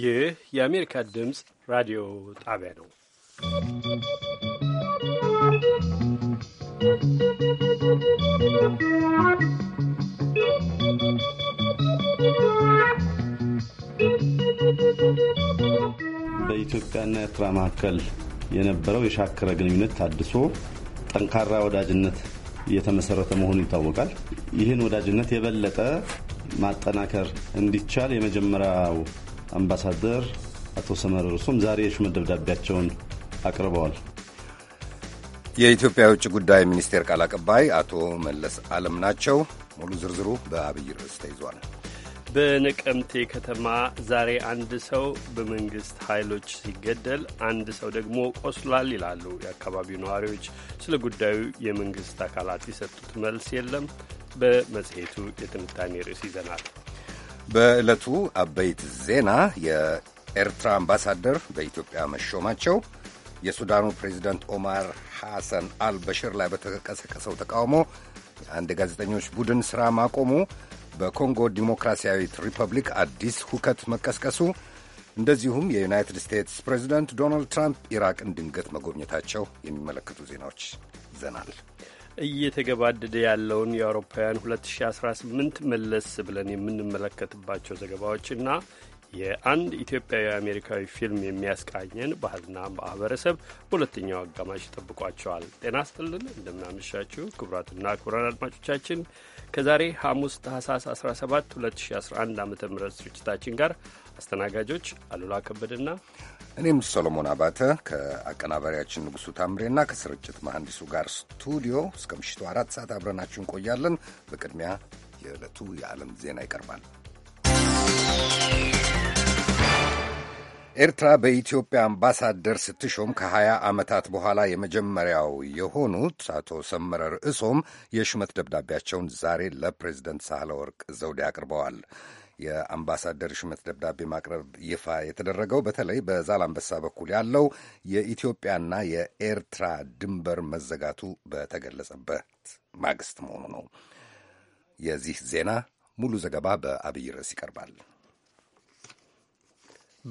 ይህ የአሜሪካ ድምፅ ራዲዮ ጣቢያ ነው። በኢትዮጵያና ኤርትራ መካከል የነበረው የሻከረ ግንኙነት ታድሶ ጠንካራ ወዳጅነት እየተመሰረተ መሆኑ ይታወቃል። ይህን ወዳጅነት የበለጠ ማጠናከር እንዲቻል የመጀመሪያው አምባሳደር አቶ ሰመረ እርሱም ዛሬ የሹመት ደብዳቤያቸውን አቅርበዋል። የኢትዮጵያ የውጭ ጉዳይ ሚኒስቴር ቃል አቀባይ አቶ መለስ አለም ናቸው። ሙሉ ዝርዝሩ በአብይ ርዕስ ተይዟል። በነቀምቴ ከተማ ዛሬ አንድ ሰው በመንግስት ኃይሎች ሲገደል አንድ ሰው ደግሞ ቆስሏል ይላሉ የአካባቢው ነዋሪዎች። ስለ ጉዳዩ የመንግስት አካላት የሰጡት መልስ የለም። በመጽሔቱ የትንታኔ ርዕስ ይዘናል። በዕለቱ አበይት ዜና የኤርትራ አምባሳደር በኢትዮጵያ መሾማቸው፣ የሱዳኑ ፕሬዚደንት ኦማር ሐሰን አልበሽር ላይ በተቀሰቀሰው ተቃውሞ የአንድ ጋዜጠኞች ቡድን ሥራ ማቆሙ፣ በኮንጎ ዲሞክራሲያዊት ሪፐብሊክ አዲስ ሁከት መቀስቀሱ፣ እንደዚሁም የዩናይትድ ስቴትስ ፕሬዚደንት ዶናልድ ትራምፕ ኢራቅን ድንገት መጎብኘታቸው የሚመለከቱ ዜናዎች ይዘናል። እየተገባደደ ያለውን የአውሮፓውያን 2018 መለስ ብለን የምንመለከትባቸው ዘገባዎችና የአንድ ኢትዮጵያዊ አሜሪካዊ ፊልም የሚያስቃኘን ባህልና ማህበረሰብ በሁለተኛው አጋማሽ ይጠብቋቸዋል። ጤና ስጥልን፣ እንደምናመሻችሁ ክቡራትና ክቡራን አድማጮቻችን ከዛሬ ሐሙስ ታህሳስ 17 2011 ዓ ም ስርጭታችን ጋር አስተናጋጆች አሉላ ከበድና እኔም ሰሎሞን አባተ ከአቀናባሪያችን ንጉሡ ታምሬና ከስርጭት መሐንዲሱ ጋር ስቱዲዮ እስከ ምሽቱ አራት ሰዓት አብረናችሁ እንቆያለን። በቅድሚያ የዕለቱ የዓለም ዜና ይቀርባል። ኤርትራ በኢትዮጵያ አምባሳደር ስትሾም ከ20 ዓመታት በኋላ የመጀመሪያው የሆኑት አቶ ሰመረ ርዕሶም የሹመት ደብዳቤያቸውን ዛሬ ለፕሬዚደንት ወርቅ ዘውዴ አቅርበዋል። የአምባሳደር ሹመት ደብዳቤ ማቅረብ ይፋ የተደረገው በተለይ በዛላምበሳ በኩል ያለው የኢትዮጵያና የኤርትራ ድንበር መዘጋቱ በተገለጸበት ማግስት መሆኑ ነው። የዚህ ዜና ሙሉ ዘገባ በአብይ ርዕስ ይቀርባል።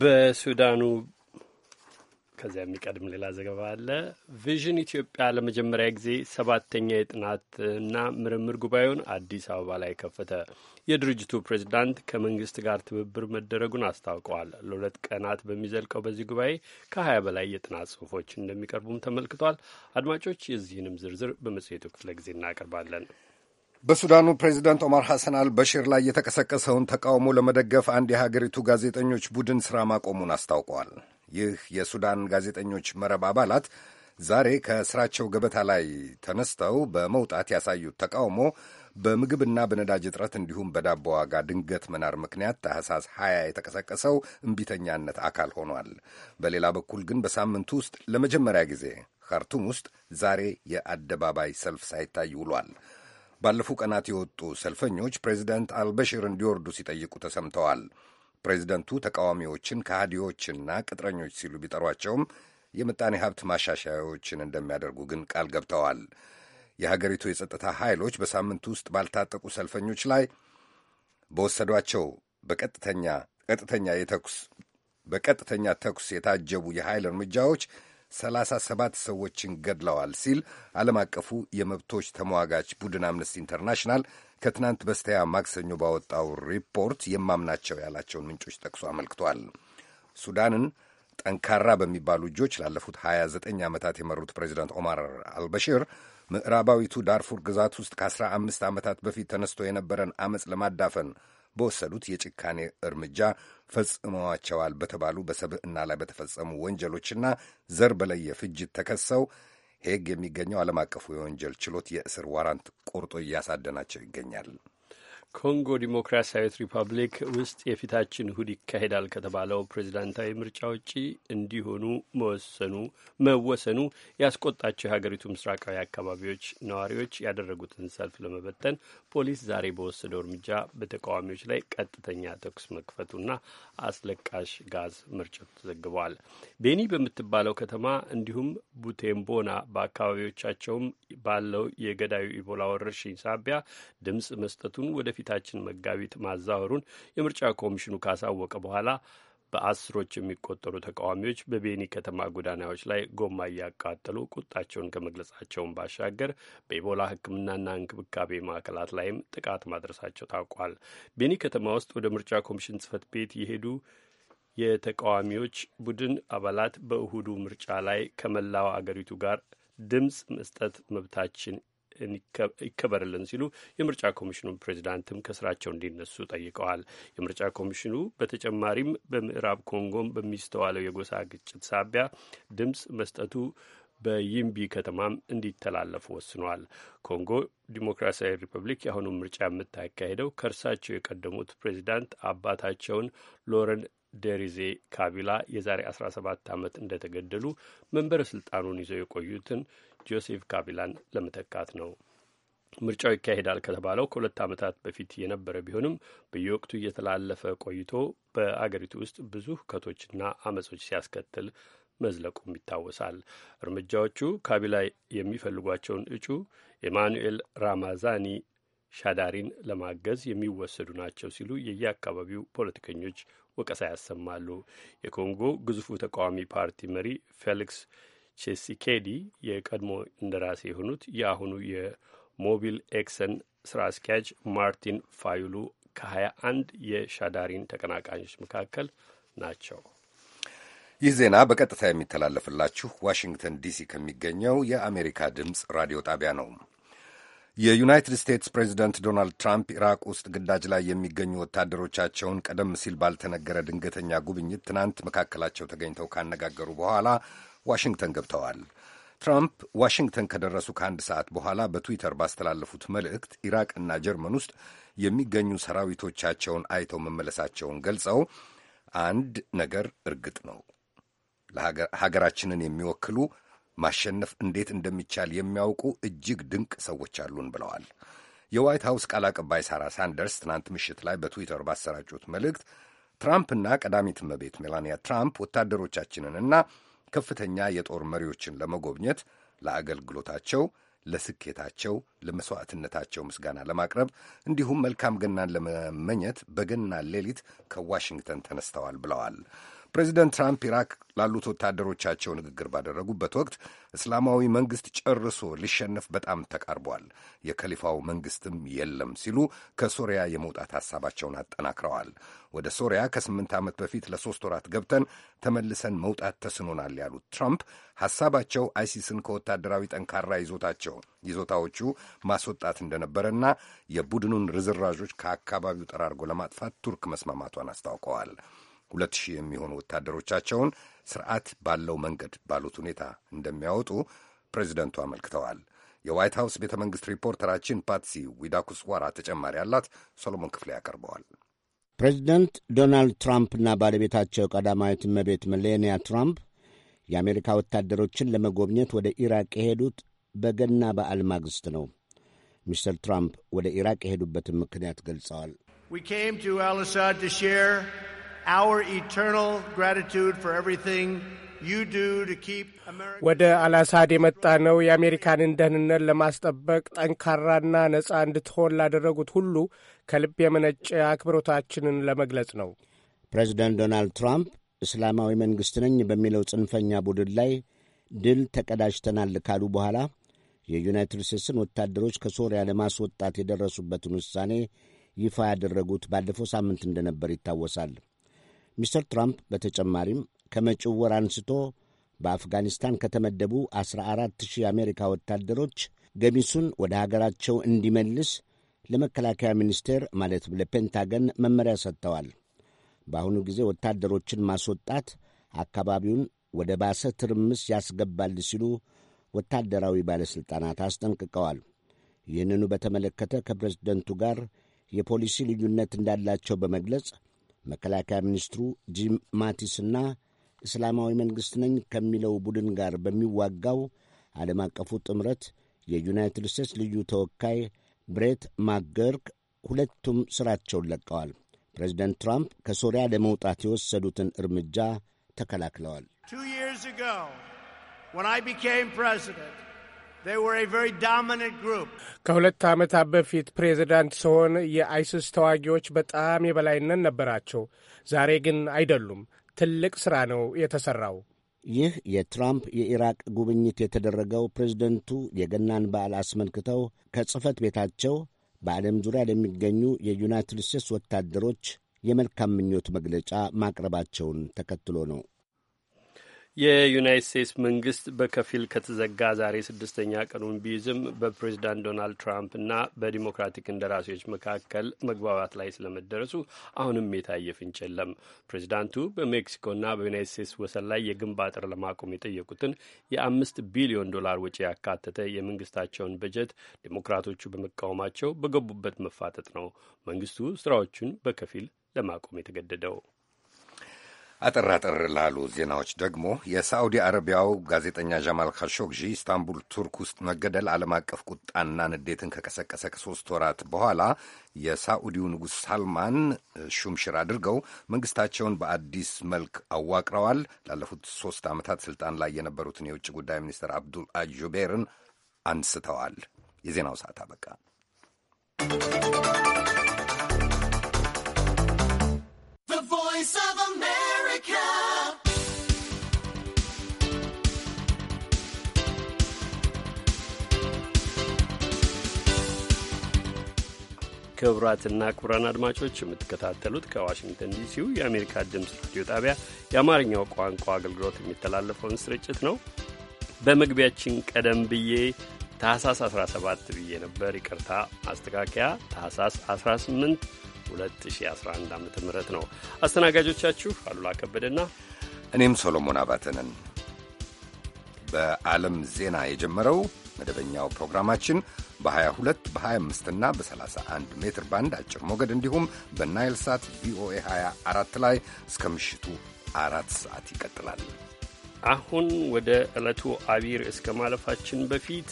በሱዳኑ ከዚያ የሚቀድም ሌላ ዘገባ አለ። ቪዥን ኢትዮጵያ ለመጀመሪያ ጊዜ ሰባተኛ የጥናትና ምርምር ጉባኤውን አዲስ አበባ ላይ ከፈተ። የድርጅቱ ፕሬዚዳንት ከመንግስት ጋር ትብብር መደረጉን አስታውቀዋል። ለሁለት ቀናት በሚዘልቀው በዚህ ጉባኤ ከሀያ በላይ የጥናት ጽሁፎች እንደሚቀርቡም ተመልክቷል። አድማጮች የዚህንም ዝርዝር በመጽሔቱ ክፍለ ጊዜ እናቀርባለን። በሱዳኑ ፕሬዚዳንት ኦማር ሐሰን አልበሺር ላይ የተቀሰቀሰውን ተቃውሞ ለመደገፍ አንድ የሀገሪቱ ጋዜጠኞች ቡድን ሥራ ማቆሙን አስታውቀዋል። ይህ የሱዳን ጋዜጠኞች መረብ አባላት ዛሬ ከስራቸው ገበታ ላይ ተነስተው በመውጣት ያሳዩት ተቃውሞ በምግብና በነዳጅ እጥረት እንዲሁም በዳቦ ዋጋ ድንገት መናር ምክንያት ታህሳስ 20 የተቀሰቀሰው እምቢተኛነት አካል ሆኗል። በሌላ በኩል ግን በሳምንቱ ውስጥ ለመጀመሪያ ጊዜ ካርቱም ውስጥ ዛሬ የአደባባይ ሰልፍ ሳይታይ ውሏል። ባለፉ ቀናት የወጡ ሰልፈኞች ፕሬዚደንት አልበሽር እንዲወርዱ ሲጠይቁ ተሰምተዋል። ፕሬዚደንቱ ተቃዋሚዎችን ከሃዲዎችና ቅጥረኞች ሲሉ ቢጠሯቸውም የምጣኔ ሀብት ማሻሻያዎችን እንደሚያደርጉ ግን ቃል ገብተዋል። የሀገሪቱ የጸጥታ ኃይሎች በሳምንቱ ውስጥ ባልታጠቁ ሰልፈኞች ላይ በወሰዷቸው በቀጥተኛ ቀጥተኛ የተኩስ በቀጥተኛ ተኩስ የታጀቡ የኃይል እርምጃዎች 37 ሰዎችን ገድለዋል ሲል ዓለም አቀፉ የመብቶች ተሟጋች ቡድን አምነስቲ ኢንተርናሽናል ከትናንት በስቲያ ማክሰኞ ባወጣው ሪፖርት የማምናቸው ያላቸውን ምንጮች ጠቅሶ አመልክቷል። ሱዳንን ጠንካራ በሚባሉ እጆች ላለፉት 29 ዓመታት የመሩት ፕሬዚዳንት ኦማር አልበሽር ምዕራባዊቱ ዳርፉር ግዛት ውስጥ ከ15 ዓመታት በፊት ተነስቶ የነበረን አመፅ ለማዳፈን በወሰዱት የጭካኔ እርምጃ ፈጽመዋቸዋል በተባሉ በሰብዕና ላይ በተፈጸሙ ወንጀሎችና ዘር በለየ ፍጅት ተከሰው ሄግ የሚገኘው ዓለም አቀፉ የወንጀል ችሎት የእስር ዋራንት ቆርጦ እያሳደናቸው ይገኛል። ኮንጎ ዲሞክራሲያዊት ሪፐብሊክ ውስጥ የፊታችን እሁድ ይካሄዳል ከተባለው ፕሬዚዳንታዊ ምርጫ ውጪ እንዲሆኑ መወሰኑ መወሰኑ ያስቆጣቸው የሀገሪቱ ምስራቃዊ አካባቢዎች ነዋሪዎች ያደረጉትን ሰልፍ ለመበተን ፖሊስ ዛሬ በወሰደው እርምጃ በተቃዋሚዎች ላይ ቀጥተኛ ተኩስ መክፈቱና አስለቃሽ ጋዝ መርጨቱ ተዘግበዋል። ቤኒ በምትባለው ከተማ እንዲሁም ቡቴምቦና በአካባቢዎቻቸውም ባለው የገዳዩ ኢቦላ ወረርሽኝ ሳቢያ ድምፅ መስጠቱን ወደፊት የፊታችን መጋቢት ማዛወሩን የምርጫ ኮሚሽኑ ካሳወቀ በኋላ በአስሮች የሚቆጠሩ ተቃዋሚዎች በቤኒ ከተማ ጎዳናዎች ላይ ጎማ እያቃጠሉ ቁጣቸውን ከመግለጻቸውን ባሻገር በኢቦላ ሕክምናና እንክብካቤ ማዕከላት ላይም ጥቃት ማድረሳቸው ታውቋል። ቤኒ ከተማ ውስጥ ወደ ምርጫ ኮሚሽን ጽህፈት ቤት የሄዱ የተቃዋሚዎች ቡድን አባላት በእሁዱ ምርጫ ላይ ከመላው አገሪቱ ጋር ድምፅ መስጠት መብታችን ይከበርልን ሲሉ የምርጫ ኮሚሽኑ ፕሬዚዳንትም ከስራቸው እንዲነሱ ጠይቀዋል። የምርጫ ኮሚሽኑ በተጨማሪም በምዕራብ ኮንጎም በሚስተዋለው የጎሳ ግጭት ሳቢያ ድምፅ መስጠቱ በይምቢ ከተማም እንዲተላለፉ ወስኗል። ኮንጎ ዲሞክራሲያዊ ሪፐብሊክ የአሁኑ ምርጫ የምታካሄደው ከእርሳቸው የቀደሙት ፕሬዚዳንት አባታቸውን ሎረን ደሪዜ ካቢላ የዛሬ 17 ዓመት እንደተገደሉ መንበረ ስልጣኑን ይዘው የቆዩትን ጆሴፍ ካቢላን ለመተካት ነው። ምርጫው ይካሄዳል ከተባለው ከሁለት ዓመታት በፊት የነበረ ቢሆንም በየወቅቱ እየተላለፈ ቆይቶ በአገሪቱ ውስጥ ብዙ ሁከቶችና አመጾች ሲያስከትል መዝለቁም ይታወሳል። እርምጃዎቹ ካቢላ የሚፈልጓቸውን እጩ ኤማኑኤል ራማዛኒ ሻዳሪን ለማገዝ የሚወሰዱ ናቸው ሲሉ የየአካባቢው ፖለቲከኞች ወቀሳ ያሰማሉ። የኮንጎ ግዙፉ ተቃዋሚ ፓርቲ መሪ ፌሊክስ ቼሲኬዲ የቀድሞ እንደራሴ የሆኑት የአሁኑ የሞቢል ኤክሰን ስራ አስኪያጅ ማርቲን ፋዩሉ ከሀያ አንድ የሻዳሪን ተቀናቃኞች መካከል ናቸው። ይህ ዜና በቀጥታ የሚተላለፍላችሁ ዋሽንግተን ዲሲ ከሚገኘው የአሜሪካ ድምፅ ራዲዮ ጣቢያ ነው። የዩናይትድ ስቴትስ ፕሬዚደንት ዶናልድ ትራምፕ ኢራቅ ውስጥ ግዳጅ ላይ የሚገኙ ወታደሮቻቸውን ቀደም ሲል ባልተነገረ ድንገተኛ ጉብኝት ትናንት መካከላቸው ተገኝተው ካነጋገሩ በኋላ ዋሽንግተን ገብተዋል። ትራምፕ ዋሽንግተን ከደረሱ ከአንድ ሰዓት በኋላ በትዊተር ባስተላለፉት መልእክት ኢራቅና ጀርመን ውስጥ የሚገኙ ሰራዊቶቻቸውን አይተው መመለሳቸውን ገልጸው አንድ ነገር እርግጥ ነው ሀገራችንን የሚወክሉ ማሸነፍ እንዴት እንደሚቻል የሚያውቁ እጅግ ድንቅ ሰዎች አሉን ብለዋል። የዋይት ሀውስ ቃል አቀባይ ሳራ ሳንደርስ ትናንት ምሽት ላይ በትዊተር ባሰራጩት መልእክት ትራምፕና ቀዳማዊት እመቤት ሜላንያ ትራምፕ ወታደሮቻችንንና ከፍተኛ የጦር መሪዎችን ለመጎብኘት ለአገልግሎታቸው፣ ለስኬታቸው፣ ለመሥዋዕትነታቸው ምስጋና ለማቅረብ እንዲሁም መልካም ገናን ለመመኘት በገና ሌሊት ከዋሽንግተን ተነስተዋል ብለዋል። ፕሬዚደንት ትራምፕ ኢራቅ ላሉት ወታደሮቻቸው ንግግር ባደረጉበት ወቅት እስላማዊ መንግሥት ጨርሶ ሊሸነፍ በጣም ተቃርቧል፣ የከሊፋው መንግሥትም የለም ሲሉ ከሶሪያ የመውጣት ሐሳባቸውን አጠናክረዋል። ወደ ሶሪያ ከስምንት ዓመት በፊት ለሦስት ወራት ገብተን ተመልሰን መውጣት ተስኖናል ያሉት ትራምፕ ሐሳባቸው አይሲስን ከወታደራዊ ጠንካራ ይዞታቸው ይዞታዎቹ ማስወጣት እንደነበረና የቡድኑን ርዝራዦች ከአካባቢው ጠራርጎ ለማጥፋት ቱርክ መስማማቷን አስታውቀዋል። ሁለት ሺህ የሚሆኑ ወታደሮቻቸውን ስርዓት ባለው መንገድ ባሉት ሁኔታ እንደሚያወጡ ፕሬዚደንቱ አመልክተዋል። የዋይት ሀውስ ቤተ መንግሥት ሪፖርተራችን ፓትሲ ዊዳኩስዋራ ተጨማሪ አላት። ሰሎሞን ክፍሌ ያቀርበዋል። ፕሬዚደንት ዶናልድ ትራምፕና ባለቤታቸው ቀዳማዊት እመቤት መሌኒያ ትራምፕ የአሜሪካ ወታደሮችን ለመጎብኘት ወደ ኢራቅ የሄዱት በገና በዓል ማግስት ነው። ሚስተር ትራምፕ ወደ ኢራቅ የሄዱበትን ምክንያት ገልጸዋል። ወደ የመጣ የመጣነው የአሜሪካንን ደህንነት ለማስጠበቅ ጠንካራና ነጻ እንድትሆን ላደረጉት ሁሉ ከልብ የመነጨ አክብሮታችንን ለመግለጽ ነው። ፕሬዚደንት ዶናልድ ትራምፕ እስላማዊ መንግሥት ነኝ በሚለው ጽንፈኛ ቡድን ላይ ድል ተቀዳጅተናል ካሉ በኋላ የዩናይትድ ስቴትስን ወታደሮች ከሶሪያ ለማስወጣት የደረሱበትን ውሳኔ ይፋ ያደረጉት ባለፈው ሳምንት እንደነበር ይታወሳል። ሚስተር ትራምፕ በተጨማሪም ከመጪው ወር አንስቶ በአፍጋኒስታን ከተመደቡ 14,000 የአሜሪካ ወታደሮች ገሚሱን ወደ ሀገራቸው እንዲመልስ ለመከላከያ ሚኒስቴር ማለት ለፔንታገን መመሪያ ሰጥተዋል። በአሁኑ ጊዜ ወታደሮችን ማስወጣት አካባቢውን ወደ ባሰ ትርምስ ያስገባል ሲሉ ወታደራዊ ባለሥልጣናት አስጠንቅቀዋል። ይህንኑ በተመለከተ ከፕሬዝደንቱ ጋር የፖሊሲ ልዩነት እንዳላቸው በመግለጽ መከላከያ ሚኒስትሩ ጂም ማቲስና እስላማዊ መንግሥት ነኝ ከሚለው ቡድን ጋር በሚዋጋው ዓለም አቀፉ ጥምረት የዩናይትድ ስቴትስ ልዩ ተወካይ ብሬት ማክገርክ ሁለቱም ሥራቸውን ለቀዋል። ፕሬዚደንት ትራምፕ ከሶሪያ ለመውጣት የወሰዱትን እርምጃ ተከላክለዋል። ከሁለት ዓመታት በፊት ፕሬዚዳንት ስሆን የአይስስ ተዋጊዎች በጣም የበላይነት ነበራቸው። ዛሬ ግን አይደሉም። ትልቅ ሥራ ነው የተሠራው። ይህ የትራምፕ የኢራቅ ጉብኝት የተደረገው ፕሬዝደንቱ የገናን በዓል አስመልክተው ከጽህፈት ቤታቸው በዓለም ዙሪያ ለሚገኙ የዩናይትድ ስቴትስ ወታደሮች የመልካም ምኞት መግለጫ ማቅረባቸውን ተከትሎ ነው። የዩናይት ስቴትስ መንግስት በከፊል ከተዘጋ ዛሬ ስድስተኛ ቀኑን ቢይዝም በፕሬዚዳንት ዶናልድ ትራምፕ እና በዲሞክራቲክ እንደራሴዎች መካከል መግባባት ላይ ስለመደረሱ አሁንም የታየ ፍንጭ የለም። ፕሬዚዳንቱ በሜክሲኮና በዩናይት ስቴትስ ወሰን ላይ የግንብ አጥር ለማቆም የጠየቁትን የአምስት ቢሊዮን ዶላር ወጪ ያካተተ የመንግስታቸውን በጀት ዲሞክራቶቹ በመቃወማቸው በገቡበት መፋጠጥ ነው መንግስቱ ስራዎቹን በከፊል ለማቆም የተገደደው። አጠር አጠር ላሉ ዜናዎች ደግሞ የሳዑዲ አረቢያው ጋዜጠኛ ጃማል ካሾግዢ ኢስታንቡል ቱርክ ውስጥ መገደል ዓለም አቀፍ ቁጣና ንዴትን ከቀሰቀሰ ከሶስት ወራት በኋላ የሳዑዲው ንጉሥ ሳልማን ሹምሽር አድርገው መንግስታቸውን በአዲስ መልክ አዋቅረዋል። ላለፉት ሶስት ዓመታት ስልጣን ላይ የነበሩትን የውጭ ጉዳይ ሚኒስትር አብዱል አጁቤርን አንስተዋል። የዜናው ሰዓት አበቃ። ክቡራትና ክቡራን አድማጮች የምትከታተሉት ከዋሽንግተን ዲሲው የአሜሪካ ድምፅ ራዲዮ ጣቢያ የአማርኛው ቋንቋ አገልግሎት የሚተላለፈውን ስርጭት ነው። በመግቢያችን ቀደም ብዬ ታህሳስ 17 ብዬ ነበር። ይቅርታ ማስተካከያ ታህሳስ 18 2011 ዓ ም ነው። አስተናጋጆቻችሁ አሉላ ከበደና እኔም ሶሎሞን አባተንን። በዓለም ዜና የጀመረው መደበኛው ፕሮግራማችን በ22 25 እና በ31 ሜትር ባንድ አጭር ሞገድ እንዲሁም በናይል ሳት ቪኦኤ 24 ላይ እስከ ምሽቱ አራት ሰዓት ይቀጥላል። አሁን ወደ ዕለቱ አቢር እስከ ማለፋችን በፊት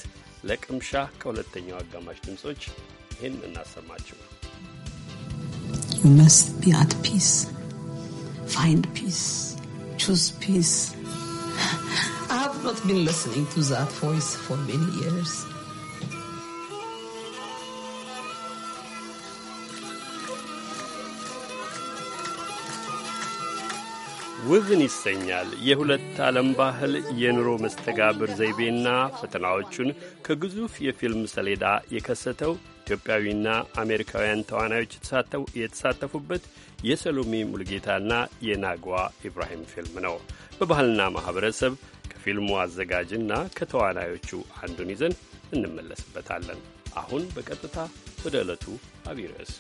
ለቅምሻ ከሁለተኛው አጋማሽ ድምፆች ይህን እናሰማችሁ። You must be at peace. Find peace. Choose peace. I have not been listening to that voice for many years. ውብን ይሰኛል። የሁለት ዓለም ባህል የኑሮ መስተጋብር ዘይቤና ፈተናዎቹን ከግዙፍ የፊልም ሰሌዳ የከሰተው ኢትዮጵያዊና አሜሪካውያን ተዋናዮች የተሳተፉበት የሰሎሜ ሙልጌታና የናጓ ኢብራሂም ፊልም ነው። በባህልና ማኅበረሰብ ከፊልሙ አዘጋጅና ከተዋናዮቹ አንዱን ይዘን እንመለስበታለን። አሁን በቀጥታ ወደ ዕለቱ አብይ ርዕስ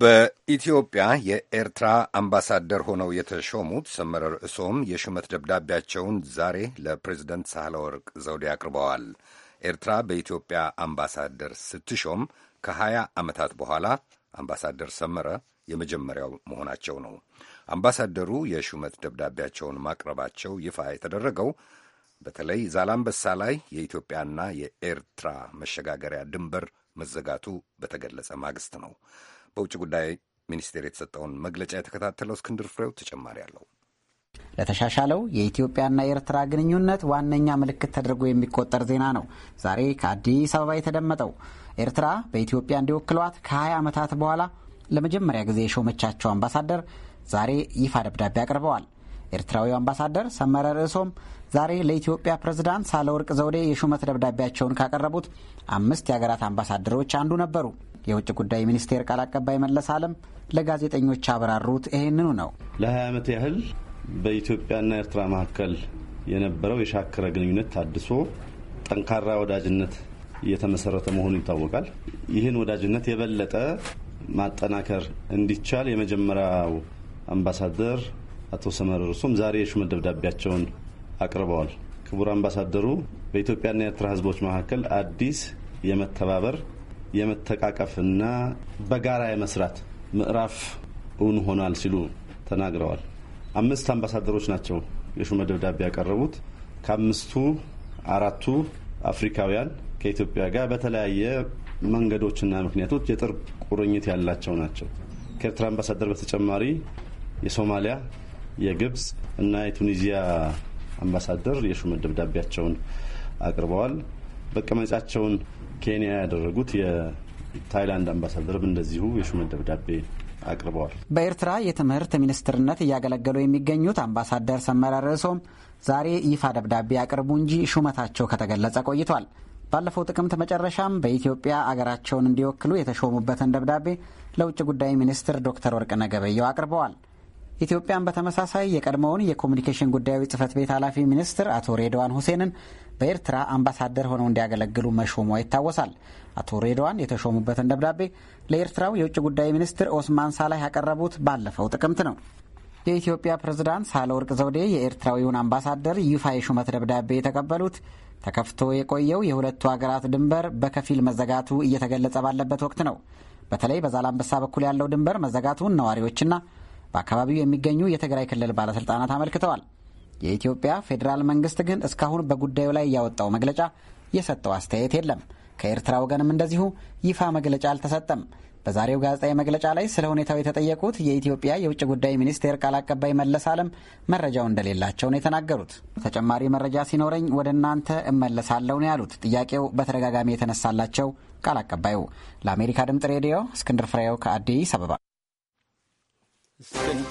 በኢትዮጵያ የኤርትራ አምባሳደር ሆነው የተሾሙት ሰመረ ርዕሶም የሹመት ደብዳቤያቸውን ዛሬ ለፕሬዝደንት ሳህለወርቅ ዘውዴ አቅርበዋል። ኤርትራ በኢትዮጵያ አምባሳደር ስትሾም ከሀያ ዓመታት በኋላ አምባሳደር ሰመረ የመጀመሪያው መሆናቸው ነው። አምባሳደሩ የሹመት ደብዳቤያቸውን ማቅረባቸው ይፋ የተደረገው በተለይ ዛላምበሳ ላይ የኢትዮጵያና የኤርትራ መሸጋገሪያ ድንበር መዘጋቱ በተገለጸ ማግስት ነው። በውጭ ጉዳይ ሚኒስቴር የተሰጠውን መግለጫ የተከታተለው እስክንድር ፍሬው ተጨማሪ አለው። ለተሻሻለው የኢትዮጵያና የኤርትራ ግንኙነት ዋነኛ ምልክት ተደርጎ የሚቆጠር ዜና ነው ዛሬ ከአዲስ አበባ የተደመጠው። ኤርትራ በኢትዮጵያ እንዲወክሏት ከ20 ዓመታት በኋላ ለመጀመሪያ ጊዜ የሾመቻቸው አምባሳደር ዛሬ ይፋ ደብዳቤ አቅርበዋል። ኤርትራዊው አምባሳደር ሰመረ ርዕሶም ዛሬ ለኢትዮጵያ ፕሬዝዳንት ሳለወርቅ ዘውዴ የሹመት ደብዳቤያቸውን ካቀረቡት አምስት የሀገራት አምባሳደሮች አንዱ ነበሩ። የውጭ ጉዳይ ሚኒስቴር ቃል አቀባይ መለስ አለም ለጋዜጠኞች አብራሩት ይህንኑ ነው። ለ20 ዓመት ያህል በኢትዮጵያና ኤርትራ መካከል የነበረው የሻከረ ግንኙነት ታድሶ ጠንካራ ወዳጅነት እየተመሰረተ መሆኑ ይታወቃል። ይህን ወዳጅነት የበለጠ ማጠናከር እንዲቻል የመጀመሪያው አምባሳደር አቶ ሰመረ እርሱም ዛሬ የሹመት ደብዳቤያቸውን አቅርበዋል። ክቡር አምባሳደሩ በኢትዮጵያና ኤርትራ ሕዝቦች መካከል አዲስ የመተባበር የመተቃቀፍና በጋራ የመስራት ምዕራፍ እውን ሆኗል ሲሉ ተናግረዋል። አምስት አምባሳደሮች ናቸው የሹመት ደብዳቤ ያቀረቡት። ከአምስቱ አራቱ አፍሪካውያን ከኢትዮጵያ ጋር በተለያየ መንገዶችና ምክንያቶች የጥርብ ቁርኝት ያላቸው ናቸው። ከኤርትራ አምባሳደር በተጨማሪ የሶማሊያ፣ የግብፅ እና የቱኒዚያ አምባሳደር የሹመት ደብዳቤያቸውን አቅርበዋል። መቀመጫቸውን ኬንያ ያደረጉት የታይላንድ አምባሳደርም እንደዚሁ የሹመት ደብዳቤ አቅርበዋል። በኤርትራ የትምህርት ሚኒስትርነት እያገለገሉ የሚገኙት አምባሳደር ሰመረ ርዕሶም ዛሬ ይፋ ደብዳቤ አቅርቡ እንጂ ሹመታቸው ከተገለጸ ቆይቷል። ባለፈው ጥቅምት መጨረሻም በኢትዮጵያ አገራቸውን እንዲወክሉ የተሾሙበትን ደብዳቤ ለውጭ ጉዳይ ሚኒስትር ዶክተር ወርቅነህ ገበየሁ አቅርበዋል። ኢትዮጵያን በተመሳሳይ የቀድሞውን የኮሚኒኬሽን ጉዳዮች ጽህፈት ቤት ኃላፊ ሚኒስትር አቶ ሬድዋን ሁሴንን በኤርትራ አምባሳደር ሆነው እንዲያገለግሉ መሾሟ ይታወሳል። አቶ ሬድዋን የተሾሙበትን ደብዳቤ ለኤርትራው የውጭ ጉዳይ ሚኒስትር ኦስማን ሳላህ ያቀረቡት ባለፈው ጥቅምት ነው። የኢትዮጵያ ፕሬዝዳንት ሳህለወርቅ ዘውዴ የኤርትራዊውን አምባሳደር ይፋ የሹመት ደብዳቤ የተቀበሉት ተከፍቶ የቆየው የሁለቱ ሀገራት ድንበር በከፊል መዘጋቱ እየተገለጸ ባለበት ወቅት ነው። በተለይ በዛላምበሳ በኩል ያለው ድንበር መዘጋቱን ነዋሪዎችና በአካባቢው የሚገኙ የትግራይ ክልል ባለስልጣናት አመልክተዋል። የኢትዮጵያ ፌዴራል መንግስት ግን እስካሁን በጉዳዩ ላይ ያወጣው መግለጫ፣ የሰጠው አስተያየት የለም። ከኤርትራ ወገንም እንደዚሁ ይፋ መግለጫ አልተሰጠም። በዛሬው ጋዜጣዊ መግለጫ ላይ ስለ ሁኔታው የተጠየቁት የኢትዮጵያ የውጭ ጉዳይ ሚኒስቴር ቃል አቀባይ መለስ አለም መረጃው እንደሌላቸው ነው የተናገሩት። ተጨማሪ መረጃ ሲኖረኝ ወደ እናንተ እመለሳለሁ ነው ያሉት። ጥያቄው በተደጋጋሚ የተነሳላቸው ቃል አቀባዩ ለአሜሪካ ድምጽ ሬዲዮ እስክንድር ፍሬው ከአዲስ አበባ Sing.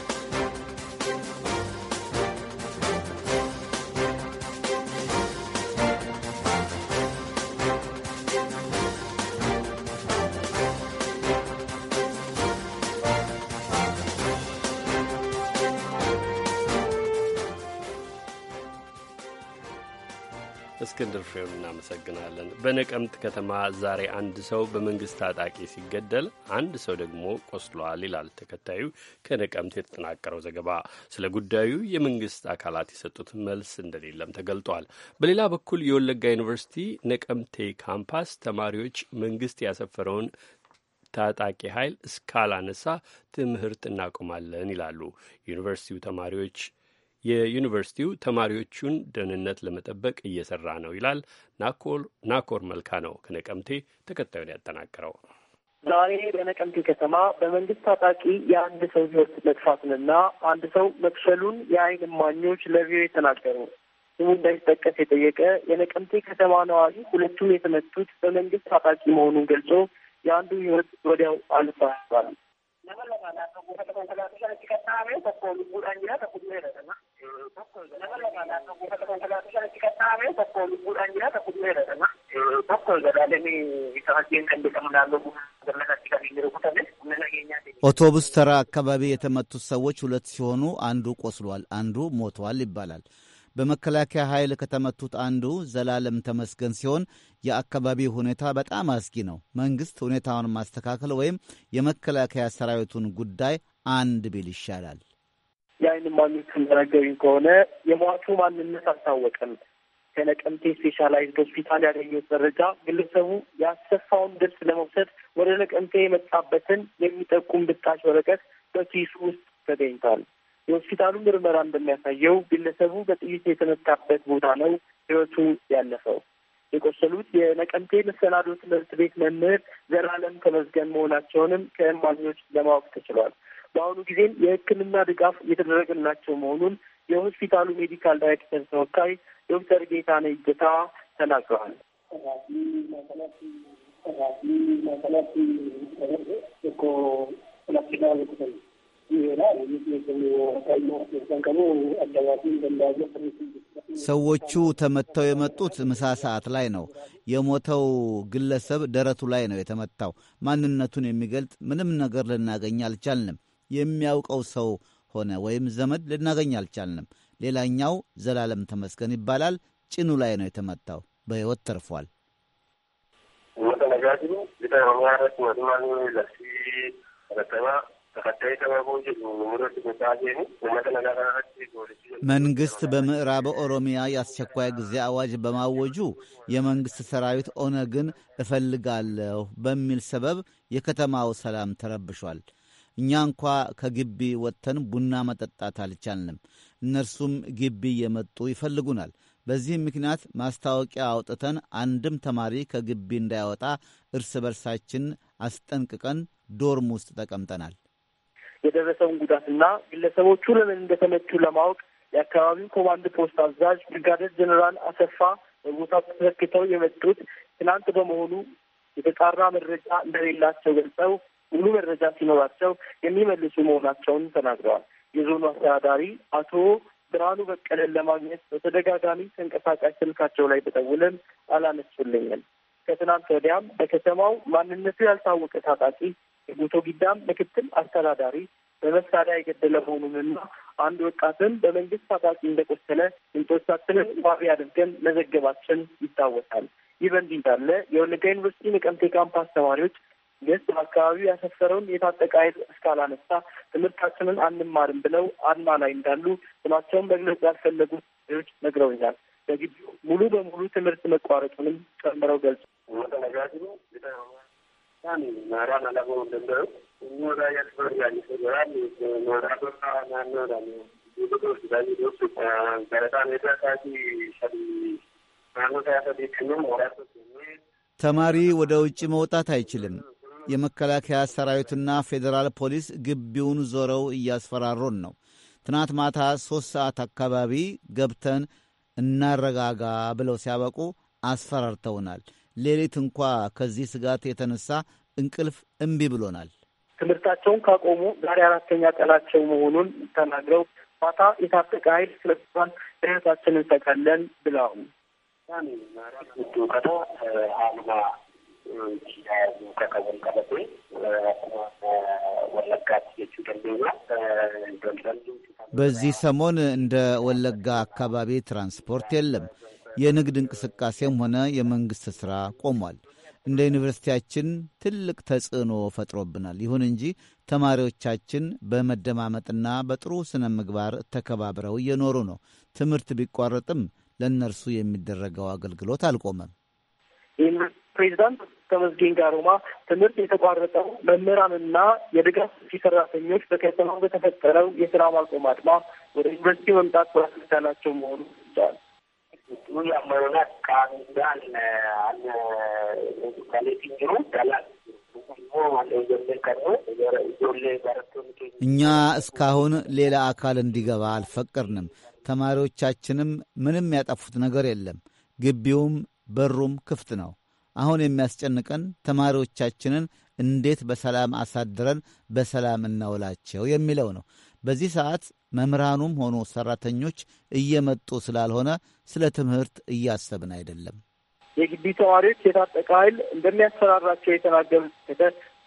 እስክንድር ፍሬውን እናመሰግናለን። በነቀምት ከተማ ዛሬ አንድ ሰው በመንግስት ታጣቂ ሲገደል አንድ ሰው ደግሞ ቆስሏል ይላል ተከታዩ ከነቀምት የተጠናቀረው ዘገባ። ስለ ጉዳዩ የመንግስት አካላት የሰጡት መልስ እንደሌለም ተገልጧል። በሌላ በኩል የወለጋ ዩኒቨርሲቲ ነቀምቴ ካምፓስ ተማሪዎች መንግስት ያሰፈረውን ታጣቂ ኃይል እስካላነሳ ትምህርት እናቆማለን ይላሉ። ዩኒቨርሲቲው ተማሪዎች የዩኒቨርሲቲው ተማሪዎቹን ደህንነት ለመጠበቅ እየሰራ ነው ይላል ናኮር መልካ ነው ከነቀምቴ ተከታዩን ያጠናቀረው። ዛሬ በነቀምቴ ከተማ በመንግስት ታጣቂ የአንድ ሰው ህይወት መጥፋትንና አንድ ሰው መክፈሉን የአይን እማኞች ለቪኦኤ የተናገሩ ስሙ እንዳይጠቀስ የጠየቀ የነቀምቴ ከተማ ነዋሪ ሁለቱም የተመቱት በመንግስት ታጣቂ መሆኑን ገልጾ የአንዱ ህይወት ወዲያው አልፋል። ኦቶቡስ ተራ አካባቢ የተመቱት ሰዎች ሁለት ሲሆኑ አንዱ ቆስሏል፣ አንዱ ሞቷል ይባላል። በመከላከያ ኃይል ከተመቱት አንዱ ዘላለም ተመስገን ሲሆን የአካባቢው ሁኔታ በጣም አስጊ ነው። መንግሥት ሁኔታውን ማስተካከል ወይም የመከላከያ ሰራዊቱን ጉዳይ አንድ ቢል ይሻላል። የአይን እማኞች እንደነገሩኝ ከሆነ የሟቹ ማንነት አልታወቀም። ከነቀምቴ ስፔሻላይዝድ ሆስፒታል ያገኘሁት መረጃ ግለሰቡ ያሰፋውን ድርስ ለመውሰድ ወደ ነቀምቴ የመጣበትን የሚጠቁም ብታሽ ወረቀት በኪሱ ውስጥ ተገኝቷል። የሆስፒታሉ ምርመራ እንደሚያሳየው ግለሰቡ በጥይት የተመታበት ቦታ ነው ህይወቱ ያለፈው። የቆሰሉት የነቀምቴ መሰናዶ ትምህርት ቤት መምህር ዘላለም ተመዝገን መሆናቸውንም ከእማኞች ለማወቅ ተችሏል። በአሁኑ ጊዜም የሕክምና ድጋፍ እየተደረገላቸው መሆኑን የሆስፒታሉ ሜዲካል ዳይሬክተር ተወካይ ዶክተር ጌታነ ይገታ ተናግረዋል። ሰዎቹ ተመተው የመጡት ምሳ ሰዓት ላይ ነው። የሞተው ግለሰብ ደረቱ ላይ ነው የተመታው። ማንነቱን የሚገልጽ ምንም ነገር ልናገኝ አልቻልንም። የሚያውቀው ሰው ሆነ ወይም ዘመድ ልናገኝ አልቻልንም። ሌላኛው ዘላለም ተመስገን ይባላል። ጭኑ ላይ ነው የተመታው፣ በሕይወት ተርፏል። መንግስት በምዕራብ ኦሮሚያ የአስቸኳይ ጊዜ አዋጅ በማወጁ የመንግስት ሰራዊት ኦነግን እፈልጋለሁ በሚል ሰበብ የከተማው ሰላም ተረብሿል። እኛ እንኳ ከግቢ ወጥተን ቡና መጠጣት አልቻልንም። እነርሱም ግቢ እየመጡ ይፈልጉናል። በዚህም ምክንያት ማስታወቂያ አውጥተን አንድም ተማሪ ከግቢ እንዳይወጣ እርስ በርሳችን አስጠንቅቀን ዶርም ውስጥ ተቀምጠናል። የደረሰውን ጉዳትና ግለሰቦቹ ለምን እንደተመቹ ለማወቅ የአካባቢው ኮማንድ ፖስት አዛዥ ብርጋደር ጀኔራል አሰፋ በቦታው ተተክተው የመጡት ትናንት በመሆኑ የተጣራ መረጃ እንደሌላቸው ገልጸው ሙሉ መረጃ ሲኖራቸው የሚመልሱ መሆናቸውን ተናግረዋል። የዞኑ አስተዳዳሪ አቶ ብርሃኑ በቀለን ለማግኘት በተደጋጋሚ ተንቀሳቃሽ ስልካቸው ላይ በደውልም አላነሱልኝም። ከትናንት ወዲያም በከተማው ማንነቱ ያልታወቀ ታጣቂ የጉቶ ጊዳም ምክትል አስተዳዳሪ በመሳሪያ የገደለ መሆኑንና አንድ ወጣትን በመንግስት ታጣቂ እንደቆሰለ ምንጮቻችንን ዋቢ አድርገን መዘገባችን ይታወሳል። ይህ በእንዲህ እንዳለ የወለጋ ዩኒቨርሲቲ ነቀምቴ ካምፓስ ተማሪዎች ግን በአካባቢው ያሰፈረውን የታጠቀ ኃይል እስካላነሳ ትምህርታችንን አንማርም ብለው አድማ ላይ እንዳሉ ስማቸውን መግለጽ ያልፈለጉት ልጆች ነግረውኛል። በግቢው ሙሉ በሙሉ ትምህርት መቋረጡንም ጨምረው ገልጹ። ተማሪ ወደ ውጭ መውጣት አይችልም። የመከላከያ ሰራዊትና ፌዴራል ፖሊስ ግቢውን ዞረው እያስፈራሩን ነው። ትናንት ማታ ሦስት ሰዓት አካባቢ ገብተን እናረጋጋ ብለው ሲያበቁ አስፈራርተውናል። ሌሊት እንኳ ከዚህ ስጋት የተነሳ እንቅልፍ እምቢ ብሎናል። ትምህርታቸውን ካቆሙ ዛሬ አራተኛ ቀናቸው መሆኑን ተናግረው ማታ የታጠቀ ኃይል ስለባል እህታችንን ተቀለን ብለዋል። በዚህ ሰሞን እንደ ወለጋ አካባቢ ትራንስፖርት የለም። የንግድ እንቅስቃሴም ሆነ የመንግሥት ሥራ ቆሟል። እንደ ዩኒቨርሲቲያችን ትልቅ ተጽዕኖ ፈጥሮብናል። ይሁን እንጂ ተማሪዎቻችን በመደማመጥና በጥሩ ስነ ምግባር ተከባብረው እየኖሩ ነው። ትምህርት ቢቋረጥም ለእነርሱ የሚደረገው አገልግሎት አልቆመም። ፕሬዚዳንት ከመስጌን ጋሮማ ትምህርት የተቋረጠው መምህራንና የድጋፍ ሰራተኞች በከተማው በተፈጠረው የስራ ማቆም አድማ ወደ ዩኒቨርሲቲ መምጣት ባለመቻላቸው መሆኑ ይቻል እኛ እስካሁን ሌላ አካል እንዲገባ አልፈቀድንም። ተማሪዎቻችንም ምንም ያጠፉት ነገር የለም። ግቢውም በሩም ክፍት ነው። አሁን የሚያስጨንቀን ተማሪዎቻችንን እንዴት በሰላም አሳድረን በሰላም እናውላቸው የሚለው ነው። በዚህ ሰዓት መምህራኑም ሆኑ ሰራተኞች እየመጡ ስላልሆነ ስለ ትምህርት እያሰብን አይደለም። የግቢ ተማሪዎች የታጠቀ ኃይል እንደሚያሰራራቸው የተናገሩት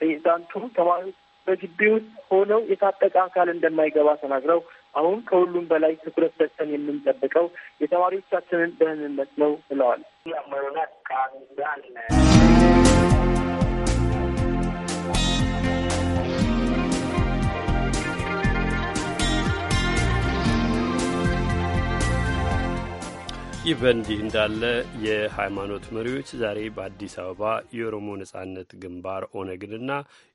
ፕሬዚዳንቱ ተማሪዎች በግቢ ውስጥ ሆነው የታጠቀ አካል እንደማይገባ ተናግረው አሁን ከሁሉም በላይ ትኩረት ሰጥተን የምንጠብቀው የተማሪዎቻችንን ደህንነት ነው ብለዋል። ይህ በእንዲህ እንዳለ የሃይማኖት መሪዎች ዛሬ በአዲስ አበባ የኦሮሞ ነጻነት ግንባር ኦነግንና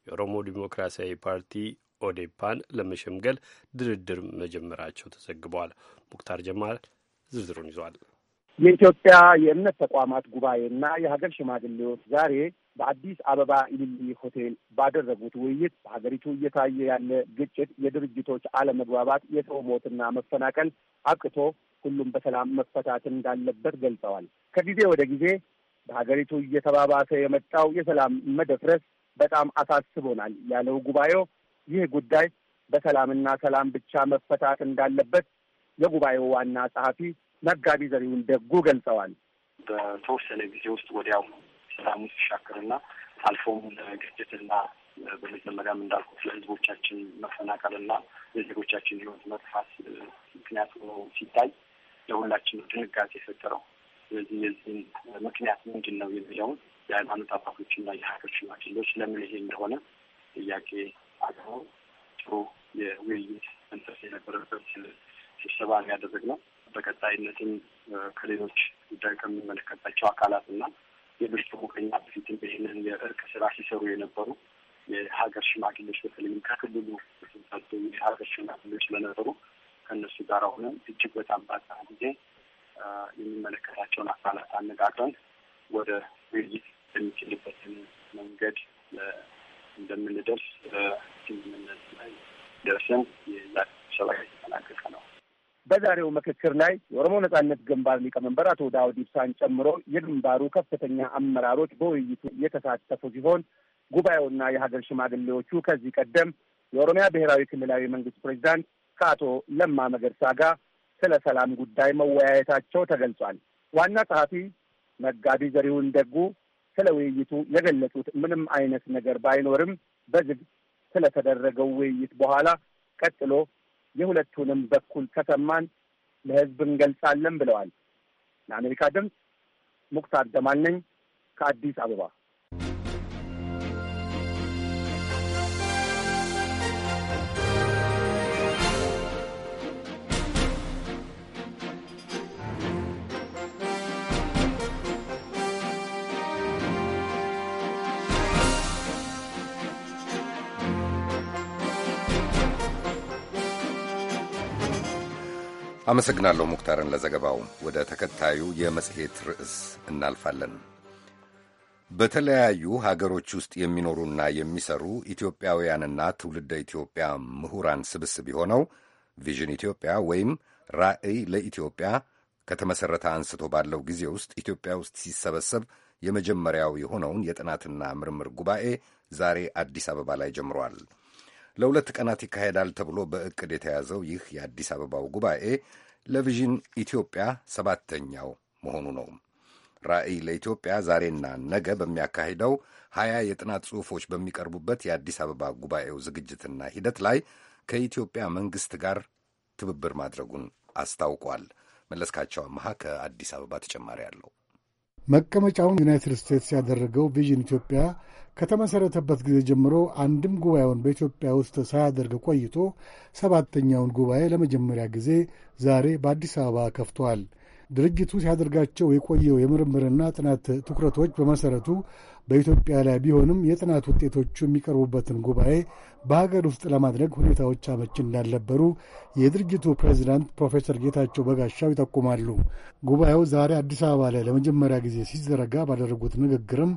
የኦሮሞ ዲሞክራሲያዊ ፓርቲ ኦዴፓን ለመሸምገል ድርድር መጀመራቸው ተዘግቧል። ሙክታር ጀማል ዝርዝሩን ይዟል። የኢትዮጵያ የእምነት ተቋማት ጉባኤና የሀገር ሽማግሌዎች ዛሬ በአዲስ አበባ ኢሊሊ ሆቴል ባደረጉት ውይይት በሀገሪቱ እየታየ ያለ ግጭት፣ የድርጅቶች አለመግባባት፣ የሰው ሞትና መፈናቀል አብቅቶ ሁሉም በሰላም መፈታት እንዳለበት ገልጸዋል። ከጊዜ ወደ ጊዜ በሀገሪቱ እየተባባሰ የመጣው የሰላም መደፍረስ በጣም አሳስቦናል ያለው ጉባኤው ይህ ጉዳይ በሰላምና ሰላም ብቻ መፈታት እንዳለበት የጉባኤው ዋና ጸሐፊ መጋቢ ዘሪሁን ደጉ ገልጸዋል። በተወሰነ ጊዜ ውስጥ ወዲያው ሰላሙ ሲሻክርና አልፎም ለግጭትና በመጀመሪያም እንዳልኩት ለህዝቦቻችን መፈናቀልና ለዜጎቻችን ህይወት መጥፋት ምክንያት ሆኖ ሲታይ ለሁላችን ድንጋጤ የፈጠረው ስለዚህ የዚህን ምክንያት ምንድን ነው የሚለውን የሃይማኖት አባቶችና የሀገር ሽማግሌዎች ለምን ይሄ እንደሆነ ጥያቄ አቅርበው ጥሩ የውይይት መንፈስ የነበረበት ስብሰባ ነው ያደረግነው። በቀጣይነትም ከሌሎች ጉዳይ ከሚመለከታቸው አካላት እና ሌሎች ተሞቀኛ በፊትም ይህንን የእርቅ ስራ ሲሰሩ የነበሩ የሀገር ሽማግሌዎች በተለይም ከክልሉ የሀገር ሽማግሌዎች ስለነበሩ ከእነሱ ጋር ሆነን እጅግ በጣም በዛሬው ምክክር ላይ የኦሮሞ ነጻነት ግንባር ሊቀመንበር አቶ ዳውድ ኢብሳን ጨምሮ የግንባሩ ከፍተኛ አመራሮች በውይይቱ የተሳተፉ ሲሆን ጉባኤውና የሀገር ሽማግሌዎቹ ከዚህ ቀደም የኦሮሚያ ብሔራዊ ክልላዊ መንግስት ፕሬዚዳንት ከአቶ ለማ መገርሳ ጋር ስለ ሰላም ጉዳይ መወያየታቸው ተገልጿል። ዋና ጸሐፊ መጋቢ ዘሪሁን ደጉ ስለ ውይይቱ የገለጹት ምንም አይነት ነገር ባይኖርም በዝግ ስለተደረገው ውይይት በኋላ ቀጥሎ የሁለቱንም በኩል ከሰማን ለህዝብ እንገልጻለን ብለዋል። ለአሜሪካ ድምፅ ሙክታር ጀማል ነኝ ከአዲስ አበባ። አመሰግናለሁ ሙክታርን ለዘገባው። ወደ ተከታዩ የመጽሔት ርዕስ እናልፋለን። በተለያዩ ሀገሮች ውስጥ የሚኖሩና የሚሰሩ ኢትዮጵያውያንና ትውልደ ኢትዮጵያ ምሁራን ስብስብ የሆነው ቪዥን ኢትዮጵያ ወይም ራዕይ ለኢትዮጵያ ከተመሠረተ አንስቶ ባለው ጊዜ ውስጥ ኢትዮጵያ ውስጥ ሲሰበሰብ የመጀመሪያው የሆነውን የጥናትና ምርምር ጉባኤ ዛሬ አዲስ አበባ ላይ ጀምሯል። ለሁለት ቀናት ይካሄዳል ተብሎ በእቅድ የተያዘው ይህ የአዲስ አበባው ጉባኤ ለቪዥን ኢትዮጵያ ሰባተኛው መሆኑ ነው። ራዕይ ለኢትዮጵያ ዛሬና ነገ በሚያካሂደው ሀያ የጥናት ጽሑፎች በሚቀርቡበት የአዲስ አበባ ጉባኤው ዝግጅትና ሂደት ላይ ከኢትዮጵያ መንግሥት ጋር ትብብር ማድረጉን አስታውቋል። መለስካቸው አመሃ ከአዲስ አበባ ተጨማሪ አለው። መቀመጫውን ዩናይትድ ስቴትስ ያደረገው ቪዥን ኢትዮጵያ ከተመሠረተበት ጊዜ ጀምሮ አንድም ጉባኤውን በኢትዮጵያ ውስጥ ሳያደርግ ቆይቶ ሰባተኛውን ጉባኤ ለመጀመሪያ ጊዜ ዛሬ በአዲስ አበባ ከፍቷል። ድርጅቱ ሲያደርጋቸው የቆየው የምርምርና ጥናት ትኩረቶች በመሰረቱ በኢትዮጵያ ላይ ቢሆንም የጥናት ውጤቶቹ የሚቀርቡበትን ጉባኤ በሀገር ውስጥ ለማድረግ ሁኔታዎች አመች እንዳልነበሩ የድርጅቱ ፕሬዚዳንት ፕሮፌሰር ጌታቸው በጋሻው ይጠቁማሉ። ጉባኤው ዛሬ አዲስ አበባ ላይ ለመጀመሪያ ጊዜ ሲዘረጋ ባደረጉት ንግግርም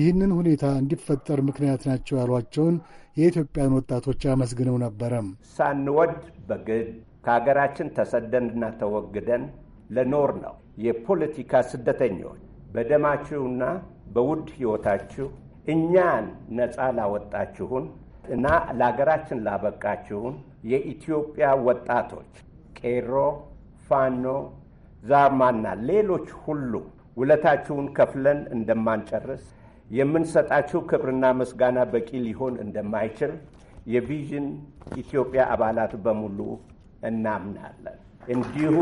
ይህንን ሁኔታ እንዲፈጠር ምክንያት ናቸው ያሏቸውን የኢትዮጵያን ወጣቶች አመስግነው ነበረም። ሳንወድ በግድ ከሀገራችን ተሰደንና ተወግደን ለኖር ነው። የፖለቲካ ስደተኞች በደማችሁና በውድ ሕይወታችሁ እኛን ነፃ ላወጣችሁን እና ለሀገራችን ላበቃችሁን የኢትዮጵያ ወጣቶች ቄሮ፣ ፋኖ፣ ዛማና ሌሎች ሁሉ ውለታችሁን ከፍለን እንደማንጨርስ የምንሰጣችሁ ክብርና ምስጋና በቂ ሊሆን እንደማይችል የቪዥን ኢትዮጵያ አባላት በሙሉ እናምናለን። እንዲሁ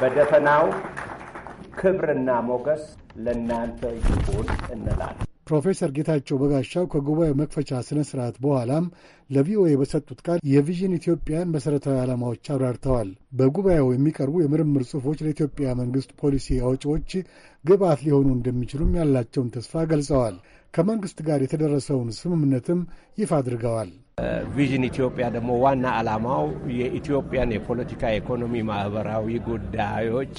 በደፈናው ክብርና ሞገስ ለእናንተ ይሁን እንላለን። ፕሮፌሰር ጌታቸው በጋሻው ከጉባኤው መክፈቻ ስነ ስርዓት በኋላም ለቪኦኤ በሰጡት ቃል የቪዥን ኢትዮጵያን መሠረታዊ ዓላማዎች አብራርተዋል። በጉባኤው የሚቀርቡ የምርምር ጽሑፎች ለኢትዮጵያ መንግሥት ፖሊሲ አውጪዎች ግብዓት ሊሆኑ እንደሚችሉም ያላቸውን ተስፋ ገልጸዋል። ከመንግስት ጋር የተደረሰውን ስምምነትም ይፋ አድርገዋል። ቪዥን ኢትዮጵያ ደግሞ ዋና ዓላማው የኢትዮጵያን የፖለቲካ፣ ኢኮኖሚ፣ ማህበራዊ ጉዳዮች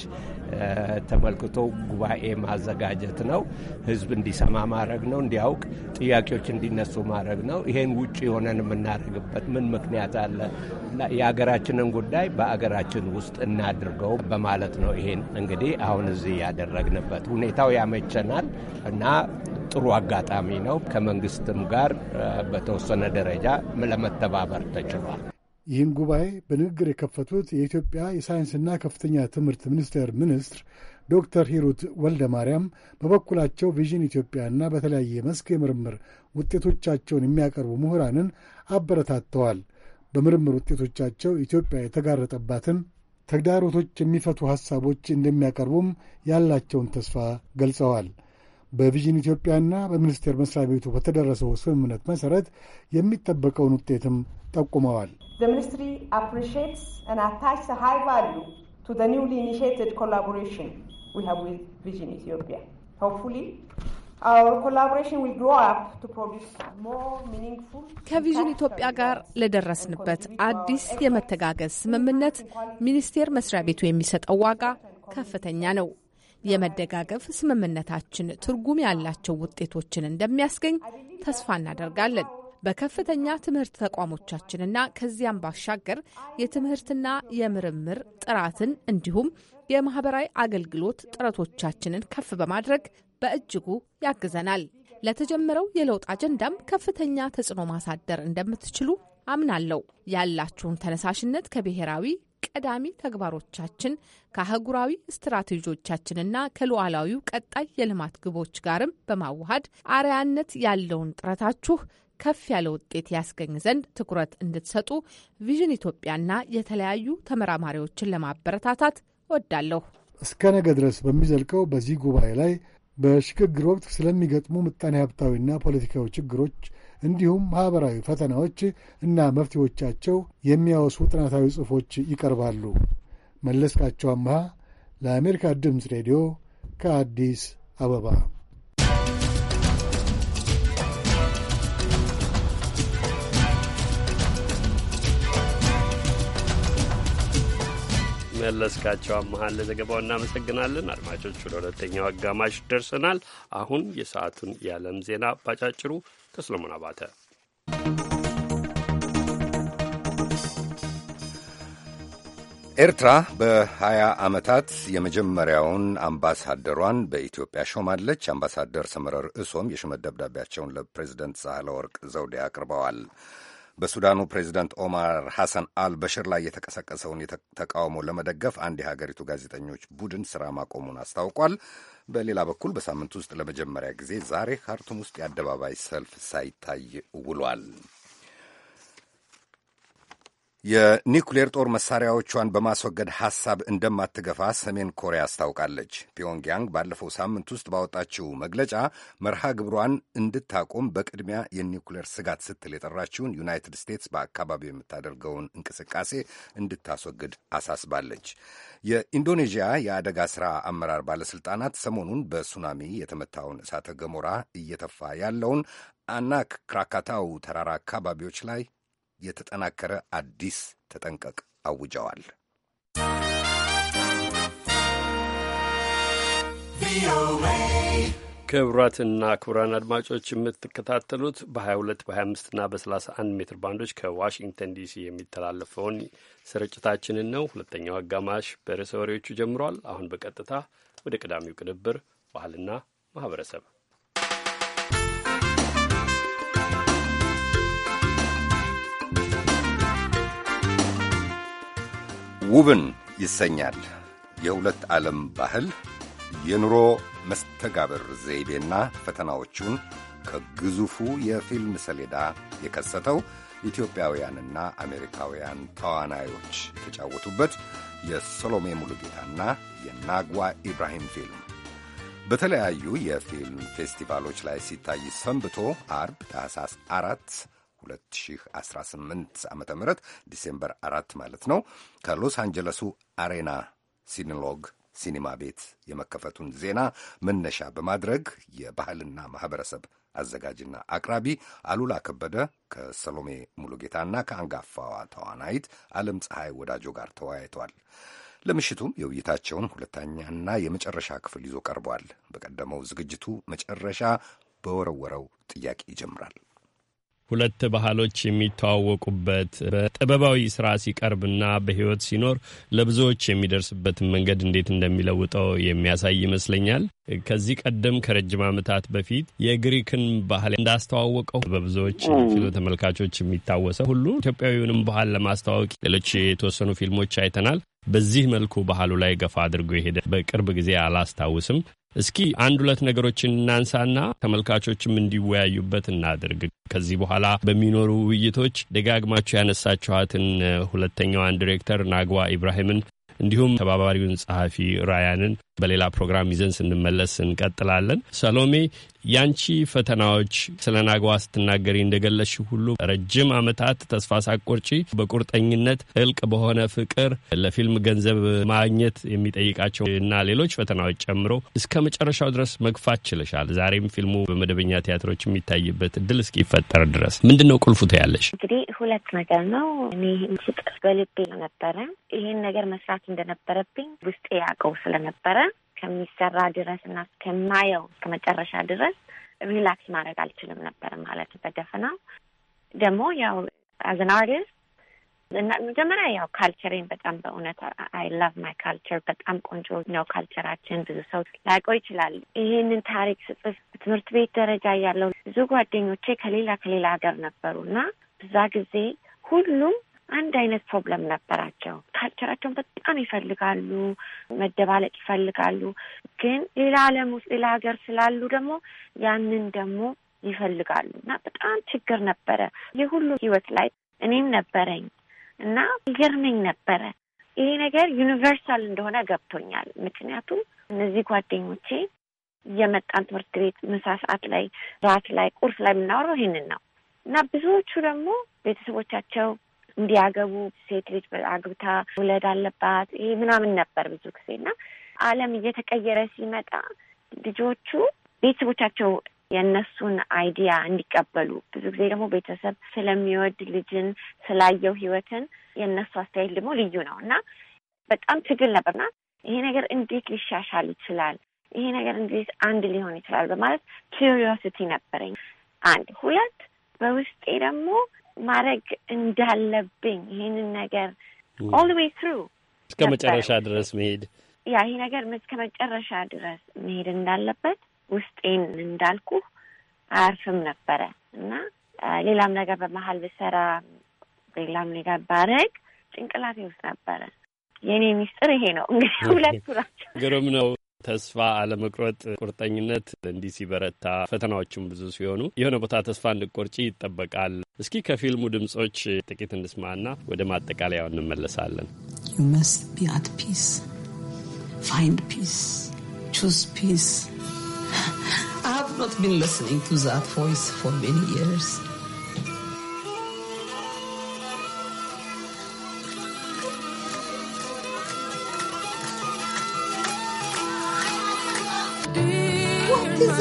ተመልክቶ ጉባኤ ማዘጋጀት ነው። ህዝብ እንዲሰማ ማድረግ ነው፣ እንዲያውቅ፣ ጥያቄዎች እንዲነሱ ማድረግ ነው። ይሄን ውጭ የሆነን የምናደርግበት ምን ምክንያት አለ? የአገራችንን ጉዳይ በአገራችን ውስጥ እናድርገው በማለት ነው። ይሄን እንግዲህ አሁን እዚህ ያደረግንበት ሁኔታው ያመቸናል እና ጥሩ አጋጣሚ ነው። ከመንግስትም ጋር በተወሰነ ደረጃ ለመተባበር ተችሏል። ይህን ጉባኤ በንግግር የከፈቱት የኢትዮጵያ የሳይንስና ከፍተኛ ትምህርት ሚኒስቴር ሚኒስትር ዶክተር ሂሩት ወልደ ማርያም በበኩላቸው ቪዥን ኢትዮጵያና በተለያየ መስክ የምርምር ውጤቶቻቸውን የሚያቀርቡ ምሁራንን አበረታተዋል። በምርምር ውጤቶቻቸው ኢትዮጵያ የተጋረጠባትን ተግዳሮቶች የሚፈቱ ሐሳቦች እንደሚያቀርቡም ያላቸውን ተስፋ ገልጸዋል። በቪዥን ኢትዮጵያና በሚኒስቴር መስሪያ ቤቱ በተደረሰው ስምምነት መሰረት የሚጠበቀውን ውጤትም ጠቁመዋል። ከቪዥን ኢትዮጵያ ጋር ለደረስንበት አዲስ የመተጋገዝ ስምምነት ሚኒስቴር መስሪያ ቤቱ የሚሰጠው ዋጋ ከፍተኛ ነው። የመደጋገፍ ስምምነታችን ትርጉም ያላቸው ውጤቶችን እንደሚያስገኝ ተስፋ እናደርጋለን። በከፍተኛ ትምህርት ተቋሞቻችንና ከዚያም ባሻገር የትምህርትና የምርምር ጥራትን እንዲሁም የማህበራዊ አገልግሎት ጥረቶቻችንን ከፍ በማድረግ በእጅጉ ያግዘናል። ለተጀመረው የለውጥ አጀንዳም ከፍተኛ ተጽዕኖ ማሳደር እንደምትችሉ አምናለሁ። ያላችሁን ተነሳሽነት ከብሔራዊ ቀዳሚ ተግባሮቻችን ከአህጉራዊ ስትራቴጂዎቻችንና ከሉዓላዊው ቀጣይ የልማት ግቦች ጋርም በማዋሃድ አርያነት ያለውን ጥረታችሁ ከፍ ያለ ውጤት ያስገኝ ዘንድ ትኩረት እንድትሰጡ ቪዥን ኢትዮጵያና የተለያዩ ተመራማሪዎችን ለማበረታታት ወዳለሁ እስከ ነገ ድረስ በሚዘልቀው በዚህ ጉባኤ ላይ በሽግግር ወቅት ስለሚገጥሙ ምጣኔ ሀብታዊና ፖለቲካዊ ችግሮች እንዲሁም ማኅበራዊ ፈተናዎች እና መፍትሄዎቻቸው የሚያወሱ ጥናታዊ ጽሑፎች ይቀርባሉ። መለስካቸው አምሃ ለአሜሪካ ድምፅ ሬዲዮ ከአዲስ አበባ። መለስካቸው አመሃን ለዘገባው እናመሰግናለን። አድማጮች ወደ ሁለተኛው አጋማሽ ደርሰናል። አሁን የሰዓቱን የዓለም ዜና ባጫጭሩ ከሰሎሞን አባተ ኤርትራ በ20 ዓመታት የመጀመሪያውን አምባሳደሯን በኢትዮጵያ ሾማለች። አምባሳደር ሰመረ ርዕሶም የሹመት ደብዳቤያቸውን ለፕሬዚደንት ሳህለ ወርቅ ዘውዴ አቅርበዋል። በሱዳኑ ፕሬዚደንት ኦማር ሐሰን አልበሽር ላይ የተቀሰቀሰውን ተቃውሞ ለመደገፍ አንድ የሀገሪቱ ጋዜጠኞች ቡድን ስራ ማቆሙን አስታውቋል። በሌላ በኩል በሳምንት ውስጥ ለመጀመሪያ ጊዜ ዛሬ ካርቱም ውስጥ የአደባባይ ሰልፍ ሳይታይ ውሏል። የኒኩሌር ጦር መሳሪያዎቿን በማስወገድ ሐሳብ እንደማትገፋ ሰሜን ኮሪያ አስታውቃለች። ፒዮንግያንግ ባለፈው ሳምንት ውስጥ ባወጣችው መግለጫ መርሃ ግብሯን እንድታቆም በቅድሚያ የኒኩሌር ስጋት ስትል የጠራችውን ዩናይትድ ስቴትስ በአካባቢው የምታደርገውን እንቅስቃሴ እንድታስወግድ አሳስባለች። የኢንዶኔዥያ የአደጋ ሥራ አመራር ባለሥልጣናት ሰሞኑን በሱናሚ የተመታውን እሳተ ገሞራ እየተፋ ያለውን አናክ ክራካታው ተራራ አካባቢዎች ላይ የተጠናከረ አዲስ ተጠንቀቅ አውጀዋል። ክቡራትና ክቡራን አድማጮች የምትከታተሉት በ22 በ25ና በ31 ሜትር ባንዶች ከዋሽንግተን ዲሲ የሚተላለፈውን ስርጭታችንን ነው። ሁለተኛው አጋማሽ በርዕሰ ወሬዎቹ ጀምሯል። አሁን በቀጥታ ወደ ቀዳሚው ቅንብር ባህልና ማህበረሰብ ውብን ይሰኛል። የሁለት ዓለም ባህል የኑሮ መስተጋብር ዘይቤና ፈተናዎቹን ከግዙፉ የፊልም ሰሌዳ የከሰተው ኢትዮጵያውያንና አሜሪካውያን ተዋናዮች የተጫወቱበት የሰሎሜ ሙሉጌታና የናጓ ኢብራሂም ፊልም በተለያዩ የፊልም ፌስቲቫሎች ላይ ሲታይ ሰንብቶ አርብ ታህሳስ አራት 2018 ዓ ም ዲሴምበር አራት ማለት ነው ከሎስ አንጀለሱ አሬና ሲኒሎግ ሲኒማ ቤት የመከፈቱን ዜና መነሻ በማድረግ የባህልና ማህበረሰብ አዘጋጅና አቅራቢ አሉላ ከበደ ከሰሎሜ ሙሉጌታና ከአንጋፋዋ ተዋናይት ዓለም ፀሐይ ወዳጆ ጋር ተወያይቷል። ለምሽቱም የውይይታቸውን ሁለተኛና የመጨረሻ ክፍል ይዞ ቀርቧል። በቀደመው ዝግጅቱ መጨረሻ በወረወረው ጥያቄ ይጀምራል። ሁለት ባህሎች የሚተዋወቁበት በጥበባዊ ስራ ሲቀርብና በህይወት ሲኖር ለብዙዎች የሚደርስበትን መንገድ እንዴት እንደሚለውጠው የሚያሳይ ይመስለኛል። ከዚህ ቀደም ከረጅም ዓመታት በፊት የግሪክን ባህል እንዳስተዋወቀው በብዙዎች ፊሎ ተመልካቾች የሚታወሰው ሁሉ ኢትዮጵያዊውንም ባህል ለማስተዋወቅ ሌሎች የተወሰኑ ፊልሞች አይተናል። በዚህ መልኩ ባህሉ ላይ ገፋ አድርጎ የሄደ በቅርብ ጊዜ አላስታውስም። እስኪ አንድ ሁለት ነገሮችን እናንሳና ተመልካቾችም እንዲወያዩበት እናድርግ። ከዚህ በኋላ በሚኖሩ ውይይቶች ደጋግማችሁ ያነሳችኋትን ሁለተኛዋን ዲሬክተር ናግዋ ኢብራሂምን እንዲሁም ተባባሪውን ጸሐፊ ራያንን በሌላ ፕሮግራም ይዘን ስንመለስ እንቀጥላለን። ሰሎሜ ያንቺ ፈተናዎች ስለ ናግዋ ስትናገሪ እንደገለሽ ሁሉ ረጅም ዓመታት ተስፋ ሳቆርጪ በቁርጠኝነት እልቅ በሆነ ፍቅር ለፊልም ገንዘብ ማግኘት የሚጠይቃቸው እና ሌሎች ፈተናዎች ጨምሮ እስከ መጨረሻው ድረስ መግፋት ችለሻል። ዛሬም ፊልሙ በመደበኛ ቲያትሮች የሚታይበት እድል እስኪፈጠር ድረስ ምንድን ነው ቁልፉ ትያለሽ? እንግዲህ ሁለት ነገር ነው። እኔ ፍቅር በልቤ ነበረ ይህን ነገር መስራት እንደነበረብኝ ውስጤ ያውቀው ስለነበረ እስከሚሰራ ድረስ እና እስከማየው እስከ መጨረሻ ድረስ ሪላክስ ማድረግ አልችልም ነበር ማለት በደፈና ደግሞ ያው አዝ አርቲስት እና መጀመሪያ ያው ካልቸሬን በጣም በእውነት አይ ላቭ ማይ ካልቸር በጣም ቆንጆ ነው ካልቸራችን። ብዙ ሰው ላይቆ ይችላል። ይሄንን ታሪክ ስጽፍ ትምህርት ቤት ደረጃ ያለው ብዙ ጓደኞቼ ከሌላ ከሌላ ሀገር ነበሩ እና ብዛ ጊዜ ሁሉም አንድ አይነት ፕሮብለም ነበራቸው። ካልቸራቸውን በጣም ይፈልጋሉ፣ መደባለቅ ይፈልጋሉ። ግን ሌላ ዓለም ውስጥ ሌላ ሀገር ስላሉ ደግሞ ያንን ደግሞ ይፈልጋሉ እና በጣም ችግር ነበረ የሁሉ ህይወት ላይ እኔም ነበረኝ እና ይገርመኝ ነበረ። ይሄ ነገር ዩኒቨርሳል እንደሆነ ገብቶኛል። ምክንያቱም እነዚህ ጓደኞቼ የመጣን ትምህርት ቤት ምሳ ሰዓት ላይ፣ ራት ላይ፣ ቁርስ ላይ የምናወራው ይሄንን ነው እና ብዙዎቹ ደግሞ ቤተሰቦቻቸው እንዲያገቡ ሴት ልጅ አግብታ ውለድ አለባት ይሄ ምናምን ነበር ብዙ ጊዜ እና ዓለም እየተቀየረ ሲመጣ ልጆቹ ቤተሰቦቻቸው የእነሱን አይዲያ እንዲቀበሉ ብዙ ጊዜ ደግሞ ቤተሰብ ስለሚወድ ልጅን ስላየው ህይወትን የእነሱ አስተያየት ደግሞ ልዩ ነው እና በጣም ትግል ነበርና ይሄ ነገር እንዴት ሊሻሻል ይችላል? ይሄ ነገር እንዴት አንድ ሊሆን ይችላል? በማለት ኪሪዮሲቲ ነበረኝ። አንድ ሁለት፣ በውስጤ ደግሞ ማድረግ እንዳለብኝ ይህንን ነገር ኦል ዌይ ትሩ እስከ መጨረሻ ድረስ መሄድ ያ ይህ ነገር እስከ መጨረሻ ድረስ መሄድ እንዳለበት ውስጤን እንዳልኩ አያርፍም ነበረ እና ሌላም ነገር በመሀል ብሰራ ሌላም ነገር ባረግ ጭንቅላቴ ውስጥ ነበረ። የእኔ ሚስጥር ይሄ ነው እንግዲህ ሁለቱ ናቸው። ግሩም ነው። ተስፋ አለመቁረጥ ቁርጠኝነት እንዲህ ሲበረታ ፈተናዎቹም ብዙ ሲሆኑ የሆነ ቦታ ተስፋ እንድቆርጪ ይጠበቃል። እስኪ ከፊልሙ ድምጾች ጥቂት እንስማና ወደ ማጠቃለያው እንመለሳለን። You must be at peace. Find peace. Choose peace. I have not been listening to that voice for many years.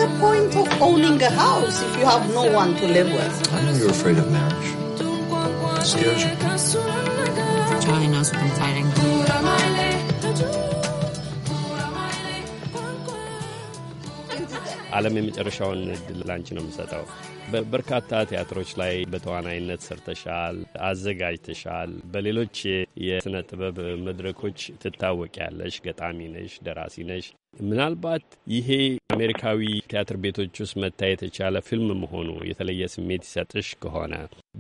the point of owning a house if you have no one to live with? I know you're afraid of marriage. It scares you. Johnny knows what I'm fighting. ዓለም የመጨረሻውን እድል ላንቺ ነው የምሰጠው። በርካታ ቲያትሮች ላይ በተዋናይነት ሰርተሻል፣ አዘጋጅተሻል። በሌሎች የስነ ጥበብ መድረኮች ትታወቂያለሽ። ገጣሚ ነሽ፣ ደራሲ ነሽ፣ ምናልባት ይሄ አሜሪካዊ ቲያትር ቤቶች ውስጥ መታየት የቻለ ፊልም መሆኑ የተለየ ስሜት ይሰጥሽ ከሆነ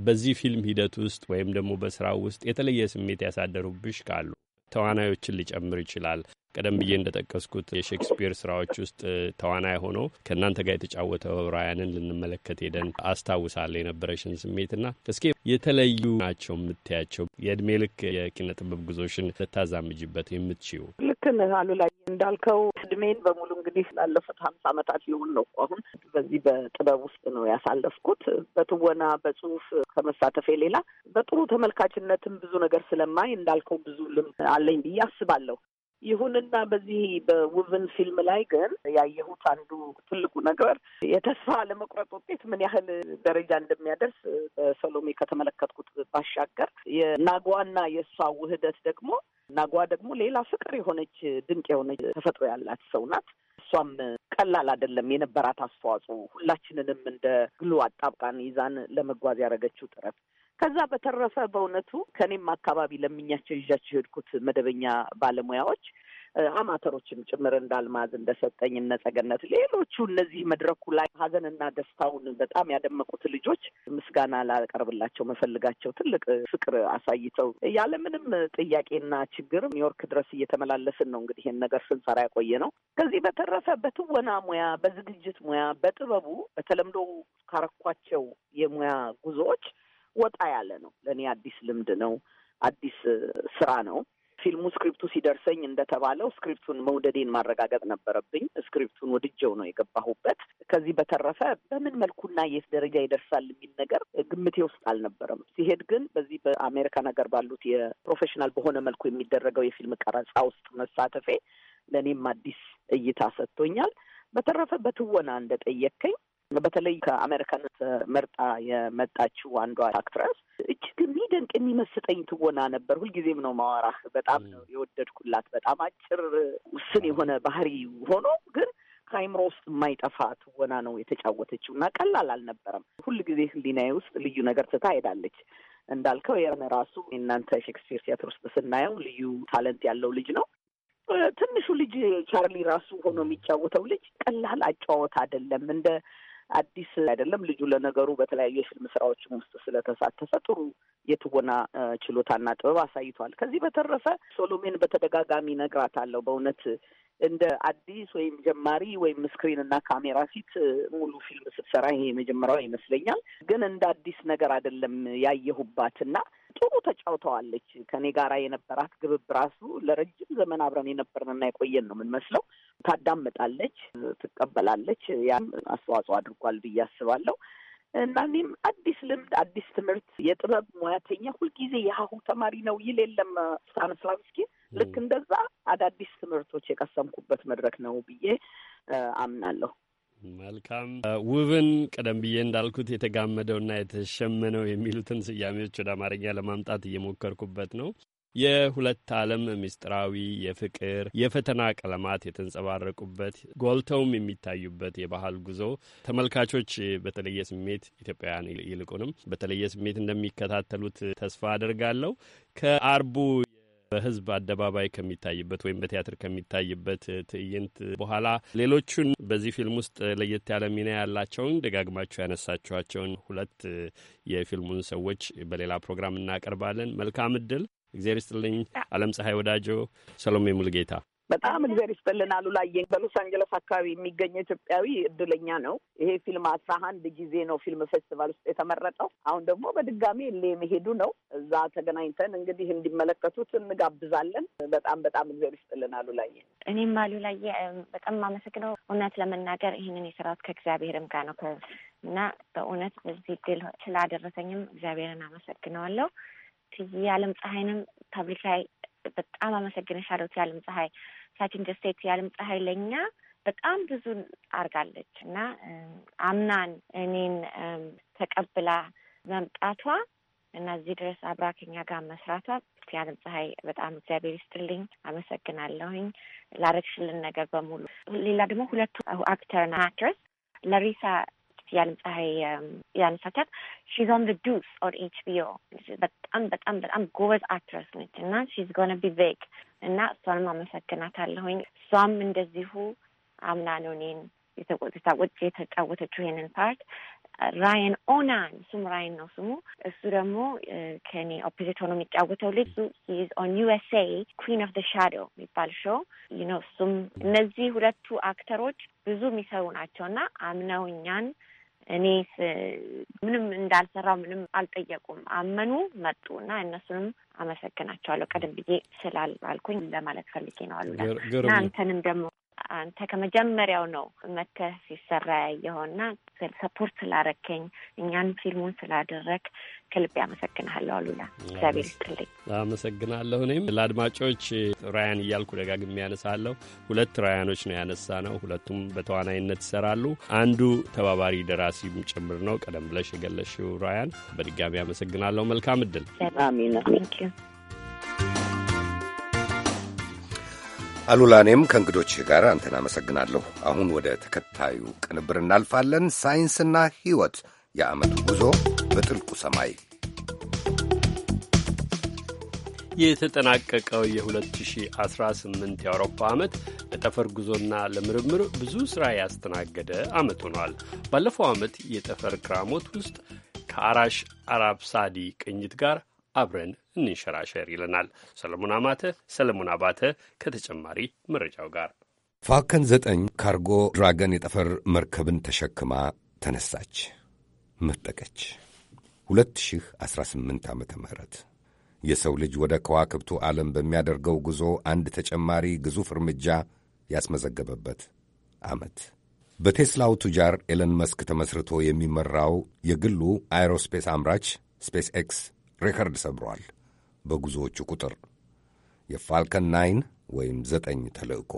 በዚህ ፊልም ሂደት ውስጥ ወይም ደግሞ በስራው ውስጥ የተለየ ስሜት ያሳደሩብሽ ካሉ ተዋናዮችን ሊጨምር ይችላል። ቀደም ብዬ እንደጠቀስኩት የሼክስፒር ስራዎች ውስጥ ተዋናይ ሆኖ ከእናንተ ጋር የተጫወተው ራያንን ልንመለከት ሄደን አስታውሳለ የነበረሽን ስሜትና እስኪ የተለዩ ናቸው የምትያቸው የእድሜ ልክ የኪነ ጥበብ ጉዞሽን ልታዛምጅበት የምትችው ልክ ነህ ላይ እንዳልከው እድሜን በሙሉ እንግዲህ ላለፉት ሀምሳ ዓመታት ሊሆን ነው አሁን በዚህ በጥበብ ውስጥ ነው ያሳለፍኩት በትወና በጽሁፍ ከመሳተፌ ሌላ በጥሩ ተመልካችነትም ብዙ ነገር ስለማይ እንዳልከው ብዙ ልም አለኝ ብዬ አስባለሁ ይሁንና በዚህ በውብን ፊልም ላይ ግን ያየሁት አንዱ ትልቁ ነገር የተስፋ ለመቁረጥ ውጤት ምን ያህል ደረጃ እንደሚያደርስ በሰሎሜ ከተመለከትኩት ባሻገር የናጓና የእሷ ውህደት ደግሞ ናጓ ደግሞ ሌላ ፍቅር የሆነች ድንቅ የሆነች ተፈጥሮ ያላት ሰው ናት። እሷም ቀላል አይደለም የነበራት አስተዋጽኦ ሁላችንንም እንደ ግሉ አጣብቃን ይዛን ለመጓዝ ያደረገችው ጥረት ከዛ በተረፈ በእውነቱ ከኔም አካባቢ ለምኛቸው ይዣቸው የሄድኩት መደበኛ ባለሙያዎች አማተሮችም ጭምር እንዳልማዝ እንደሰጠኝ እነጸገነት ሌሎቹ እነዚህ መድረኩ ላይ ሀዘንና ደስታውን በጣም ያደመቁት ልጆች ምስጋና ላቀርብላቸው መፈልጋቸው ትልቅ ፍቅር አሳይተው ያለምንም ጥያቄና ችግር ኒውዮርክ ድረስ እየተመላለስን ነው እንግዲህ ይህን ነገር ስንሰራ ያቆየ ነው። ከዚህ በተረፈ በትወና ሙያ፣ በዝግጅት ሙያ፣ በጥበቡ በተለምዶ ካረኳቸው የሙያ ጉዞዎች ወጣ ያለ ነው። ለእኔ አዲስ ልምድ ነው፣ አዲስ ስራ ነው። ፊልሙ ስክሪፕቱ ሲደርሰኝ እንደተባለው ስክሪፕቱን መውደዴን ማረጋገጥ ነበረብኝ። ስክሪፕቱን ወድጀው ነው የገባሁበት። ከዚህ በተረፈ በምን መልኩና የት ደረጃ ይደርሳል የሚል ነገር ግምቴ ውስጥ አልነበረም። ሲሄድ ግን በዚህ በአሜሪካ ነገር ባሉት የፕሮፌሽናል በሆነ መልኩ የሚደረገው የፊልም ቀረጻ ውስጥ መሳተፌ ለእኔም አዲስ እይታ ሰጥቶኛል። በተረፈ በትወና እንደጠየቅከኝ በተለይ ከአሜሪካን መርጣ የመጣችው አንዷ አክትረስ እጅግ የሚደንቅ የሚመስጠኝ ትወና ነበር። ሁልጊዜም ነው ማዋራህ። በጣም ነው የወደድኩላት። በጣም አጭር ውስን የሆነ ባህሪ ሆኖ ግን ከአይምሮ ውስጥ የማይጠፋ ትወና ነው የተጫወተችው እና ቀላል አልነበረም። ሁልጊዜ ህሊናዬ ውስጥ ልዩ ነገር ትታ ሄዳለች። እንዳልከው የሆነ ራሱ የእናንተ ሼክስፒር ቲያትር ውስጥ ስናየው ልዩ ታለንት ያለው ልጅ ነው። ትንሹ ልጅ ቻርሊ ራሱ ሆኖ የሚጫወተው ልጅ ቀላል አጫወት አይደለም። እንደ አዲስ አይደለም። ልጁ ለነገሩ በተለያዩ የፊልም ስራዎችም ውስጥ ስለተሳተፈ ጥሩ የትወና ችሎታና ጥበብ አሳይቷል። ከዚህ በተረፈ ሶሎሜን በተደጋጋሚ አለው በእውነት እንደ አዲስ ወይም ጀማሪ ወይም ስክሪን እና ካሜራ ፊት ሙሉ ፊልም ስትሰራ ይሄ የመጀመሪያው ይመስለኛል። ግን እንደ አዲስ ነገር አይደለም ያየሁባት እና ጥሩ ተጫውተዋለች። ከኔ ጋራ የነበራት ግብብ ራሱ ለረጅም ዘመን አብረን የነበርንና የቆየን ነው የምንመስለው። ታዳምጣለች፣ ትቀበላለች። ያም አስተዋጽኦ አድርጓል ብዬ አስባለሁ። እና እኔም አዲስ ልምድ፣ አዲስ ትምህርት የጥበብ ሙያተኛ ሁልጊዜ የሀሁ ተማሪ ነው ይል የለም ስታኒስላቭስኪ። ልክ እንደዛ አዳዲስ ትምህርቶች የቀሰምኩበት መድረክ ነው ብዬ አምናለሁ። መልካም ውብን ቀደም ብዬ እንዳልኩት የተጋመደውና የተሸመነው የሚሉትን ስያሜዎች ወደ አማርኛ ለማምጣት እየሞከርኩበት ነው። የሁለት ዓለም ምስጢራዊ የፍቅር የፈተና ቀለማት የተንጸባረቁበት ጎልተውም የሚታዩበት የባህል ጉዞ ተመልካቾች በተለየ ስሜት ኢትዮጵያውያን ይልቁንም በተለየ ስሜት እንደሚከታተሉት ተስፋ አደርጋለሁ። ከአርቡ በህዝብ አደባባይ ከሚታይበት ወይም በቲያትር ከሚታይበት ትዕይንት በኋላ ሌሎቹን በዚህ ፊልም ውስጥ ለየት ያለ ሚና ያላቸውን ደጋግማችሁ ያነሳችኋቸውን ሁለት የፊልሙን ሰዎች በሌላ ፕሮግራም እናቀርባለን። መልካም እድል። እግዚአብሔር ይስጥልኝ። አለም ፀሐይ ወዳጆ፣ ሰሎሜ ሙልጌታ በጣም እግዚአብሔር ይስጥልን። አሉላየን በሎስ አንጀለስ አካባቢ የሚገኘው ኢትዮጵያዊ እድለኛ ነው። ይሄ ፊልም አስራ አንድ ጊዜ ነው ፊልም ፌስቲቫል ውስጥ የተመረጠው። አሁን ደግሞ በድጋሚ ሌ መሄዱ ነው። እዛ ተገናኝተን እንግዲህ እንዲመለከቱት እንጋብዛለን። በጣም በጣም እግዚአብሔር ይስጥልን ላየ እኔም አሉላየ በጣም አመሰግነው እውነት ለመናገር ይህንን የስራት ከእግዚአብሔርም ጋር ነው እና በእውነት በዚህ ድል ስላደረሰኝም እግዚአብሔርን አመሰግነዋለሁ። ትይ የዓለም ፀሐይንም ፐብሊክ ላይ በጣም አመሰግንሻለሁ። የዓለም ፀሐይ ሳችን ደሴት የዓለም ፀሐይ ለእኛ በጣም ብዙ አርጋለች እና አምናን እኔን ተቀብላ መምጣቷ እና እዚህ ድረስ አብራ ከኛ ጋር መስራቷ የዓለም ፀሐይ በጣም እግዚአብሔር ይስጥልኝ፣ አመሰግናለሁኝ ላረግሽልን ነገር በሙሉ። ሌላ ደግሞ ሁለቱ አክተርና አክትረስ ለሪሳ I, um, Sakat. She's on The Deuce or HBO. በጣም በጣም በጣም ጎበዝ አክትረስ ነች እና ሺዝ ጎነ ቢ ቤግ እና እሷንም አመሰግናታለሁኝ። እሷም እንደዚሁ አምና ነው እኔን የተቆጥታወጭ የተጫወተችው ይሄንን ፓርት። ራየን ኦናን እሱም ራየን ነው ስሙ። እሱ ደግሞ ከኔ ኦፖዚት ሆኖ የሚጫወተው ልጅ ኢዝ ኦን ዩኤስኤ ኩዊን ኦፍ ደ ሻዶው የሚባል ሾው ነው። እሱም እነዚህ ሁለቱ አክተሮች ብዙ የሚሰሩ ናቸው እና አምነውኛን እኔ ምንም እንዳልሰራው ምንም አልጠየቁም። አመኑ፣ መጡ እና እነሱንም አመሰግናቸዋለሁ ቀደም ብዬ ስላልኩኝ ለማለት ፈልጌ ነው አሉ። እናንተንም ደግሞ አንተ ከመጀመሪያው ነው መተህ ሲሰራ ያየኸውና ሰፖርት ስላረከኝ እኛን ፊልሙን ስላደረግ ከልብ አመሰግናለሁ አሉላ። እግዚአብሔር ይስጥልኝ። አመሰግናለሁ። እኔም ለአድማጮች ራያን እያልኩ ደጋግሜ ያነሳለሁ። ሁለት ራያኖች ነው ያነሳ ነው። ሁለቱም በተዋናይነት ይሰራሉ። አንዱ ተባባሪ ደራሲም ጭምር ነው። ቀደም ብለሽ የገለሽው ራያን፣ በድጋሚ አመሰግናለሁ። መልካም እድል። አሚን። አሉላኔም ከእንግዶች ጋር አንተን አመሰግናለሁ። አሁን ወደ ተከታዩ ቅንብር እናልፋለን። ሳይንስና ሕይወት የዓመቱ ጉዞ በጥልቁ ሰማይ የተጠናቀቀው የ2018 የአውሮፓ ዓመት ለጠፈር ጉዞና ለምርምር ብዙ ሥራ ያስተናገደ ዓመት ሆኗል። ባለፈው ዓመት የጠፈር ክራሞት ውስጥ ከአራሽ አራብ ሳዲ ቅኝት ጋር አብረን እንንሸራሸር ይለናል። ሰለሞን አማተ ሰለሞን አባተ ከተጨማሪ መረጃው ጋር ፋልከን ዘጠኝ ካርጎ ድራገን የጠፈር መርከብን ተሸክማ ተነሳች፣ መጠቀች 2018 ዓ ም የሰው ልጅ ወደ ከዋክብቱ ዓለም በሚያደርገው ጉዞ አንድ ተጨማሪ ግዙፍ እርምጃ ያስመዘገበበት ዓመት በቴስላው ቱጃር ኤለን መስክ ተመስርቶ የሚመራው የግሉ አይሮስፔስ አምራች ስፔስ ኤክስ ሬከርድ ሰብሯል በጉዞዎቹ ቁጥር። የፋልከን ናይን ወይም ዘጠኝ ተልእኮ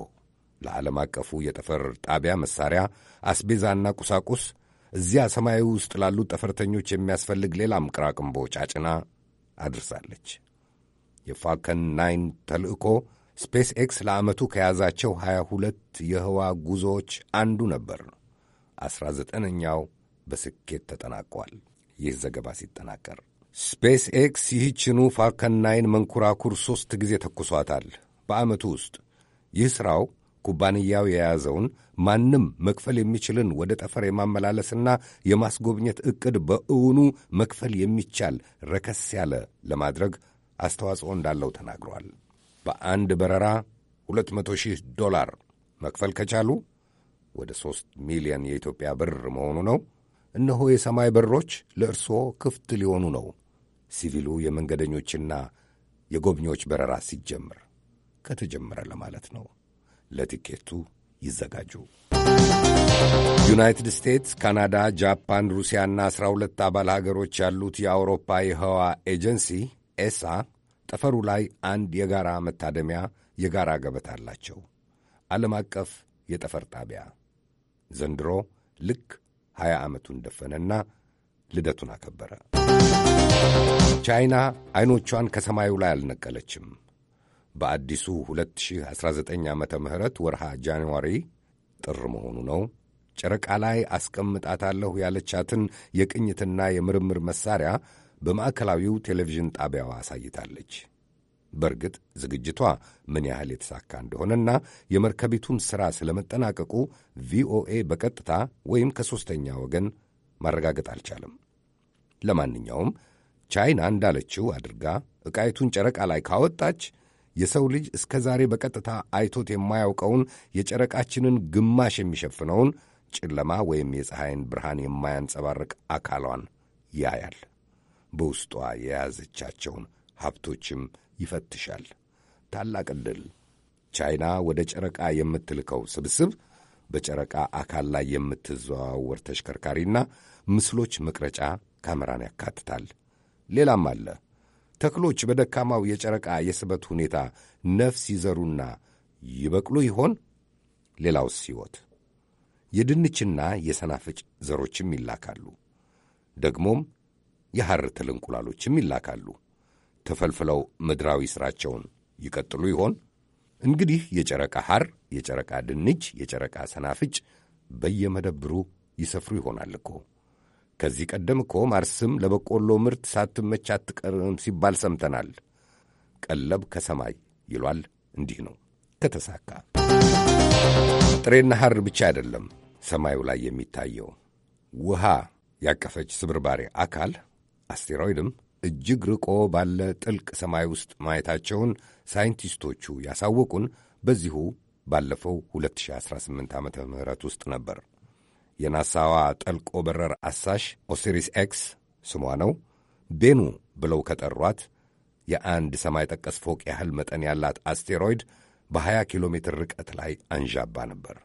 ለዓለም አቀፉ የጠፈር ጣቢያ መሳሪያ አስቤዛና ቁሳቁስ እዚያ ሰማያዊ ውስጥ ላሉት ጠፈርተኞች የሚያስፈልግ ሌላም ቅራቅንቦ ጫጭና አድርሳለች። የፋልከን ናይን ተልእኮ ስፔስ ኤክስ ለዓመቱ ከያዛቸው 22 የህዋ ጉዞዎች አንዱ ነበር። 19ኛው በስኬት ተጠናቋል። ይህ ዘገባ ሲጠናቀር ስፔስ ኤክስ ይህችኑ ፋልከን ናይን መንኮራኩር ሦስት ጊዜ ተኩሷታል በዓመቱ ውስጥ። ይህ ሥራው ኩባንያው የያዘውን ማንም መክፈል የሚችልን ወደ ጠፈር የማመላለስና የማስጎብኘት ዕቅድ በእውኑ መክፈል የሚቻል ረከስ ያለ ለማድረግ አስተዋጽኦ እንዳለው ተናግሯል። በአንድ በረራ 200 ሺህ ዶላር መክፈል ከቻሉ ወደ 3 ሚሊዮን የኢትዮጵያ ብር መሆኑ ነው። እነሆ የሰማይ በሮች ለእርስዎ ክፍት ሊሆኑ ነው። ሲቪሉ የመንገደኞችና የጎብኚዎች በረራ ሲጀምር ከተጀመረ ለማለት ነው። ለቲኬቱ ይዘጋጁ። ዩናይትድ ስቴትስ፣ ካናዳ፣ ጃፓን፣ ሩሲያና አስራ ሁለት አባል ሀገሮች ያሉት የአውሮፓ የህዋ ኤጀንሲ ኤሳ ጠፈሩ ላይ አንድ የጋራ መታደሚያ የጋራ ገበታ አላቸው። ዓለም አቀፍ የጠፈር ጣቢያ ዘንድሮ ልክ 20 ዓመቱን ደፈነና ልደቱን አከበረ። ቻይና ዐይኖቿን ከሰማዩ ላይ አልነቀለችም። በአዲሱ 2019 ዓ ም ወርሃ ጃንዋሪ ጥር መሆኑ ነው። ጨረቃ ላይ አስቀምጣታለሁ ያለቻትን የቅኝትና የምርምር መሣሪያ በማዕከላዊው ቴሌቪዥን ጣቢያዋ አሳይታለች። በእርግጥ ዝግጅቷ ምን ያህል የተሳካ እንደሆነና የመርከቢቱም ሥራ ስለመጠናቀቁ ቪኦኤ በቀጥታ ወይም ከሦስተኛ ወገን ማረጋገጥ አልቻለም። ለማንኛውም ቻይና እንዳለችው አድርጋ ዕቃይቱን ጨረቃ ላይ ካወጣች የሰው ልጅ እስከ ዛሬ በቀጥታ አይቶት የማያውቀውን የጨረቃችንን ግማሽ የሚሸፍነውን ጨለማ ወይም የፀሐይን ብርሃን የማያንጸባርቅ አካሏን ያያል። በውስጧ የያዘቻቸውን ሀብቶችም ይፈትሻል። ታላቅ ዕድል! ቻይና ወደ ጨረቃ የምትልከው ስብስብ በጨረቃ አካል ላይ የምትዘዋወር ተሽከርካሪና ምስሎች መቅረጫ ካሜራን ያካትታል። ሌላም አለ። ተክሎች በደካማው የጨረቃ የስበት ሁኔታ ነፍስ ይዘሩና ይበቅሉ ይሆን? ሌላውስ ሕይወት? የድንችና የሰናፍጭ ዘሮችም ይላካሉ። ደግሞም የሐር ትል እንቁላሎችም ይላካሉ። ተፈልፍለው ምድራዊ ሥራቸውን ይቀጥሉ ይሆን? እንግዲህ የጨረቃ ሐር፣ የጨረቃ ድንች፣ የጨረቃ ሰናፍጭ በየመደብሩ ይሰፍሩ ይሆናል እኮ። ከዚህ ቀደም እኮ ማርስም ለበቆሎ ምርት ሳትመች አትቀርም ሲባል ሰምተናል። ቀለብ ከሰማይ ይሏል። እንዲህ ነው ከተሳካ። ጥሬና ሐር ብቻ አይደለም ሰማዩ ላይ የሚታየው ውሃ ያቀፈች ስብርባሬ አካል አስቴሮይድም እጅግ ርቆ ባለ ጥልቅ ሰማይ ውስጥ ማየታቸውን ሳይንቲስቶቹ ያሳወቁን በዚሁ ባለፈው 2018 ዓ ም ውስጥ ነበር። የናሳዋ ጠልቆ በረር አሳሽ ኦሲሪስ ኤክስ ስሟ ነው። ቤኑ ብለው ከጠሯት የአንድ ሰማይ ጠቀስ ፎቅ ያህል መጠን ያላት አስቴሮይድ በ20 ኪሎ ሜትር ርቀት ላይ አንዣባ ነበር።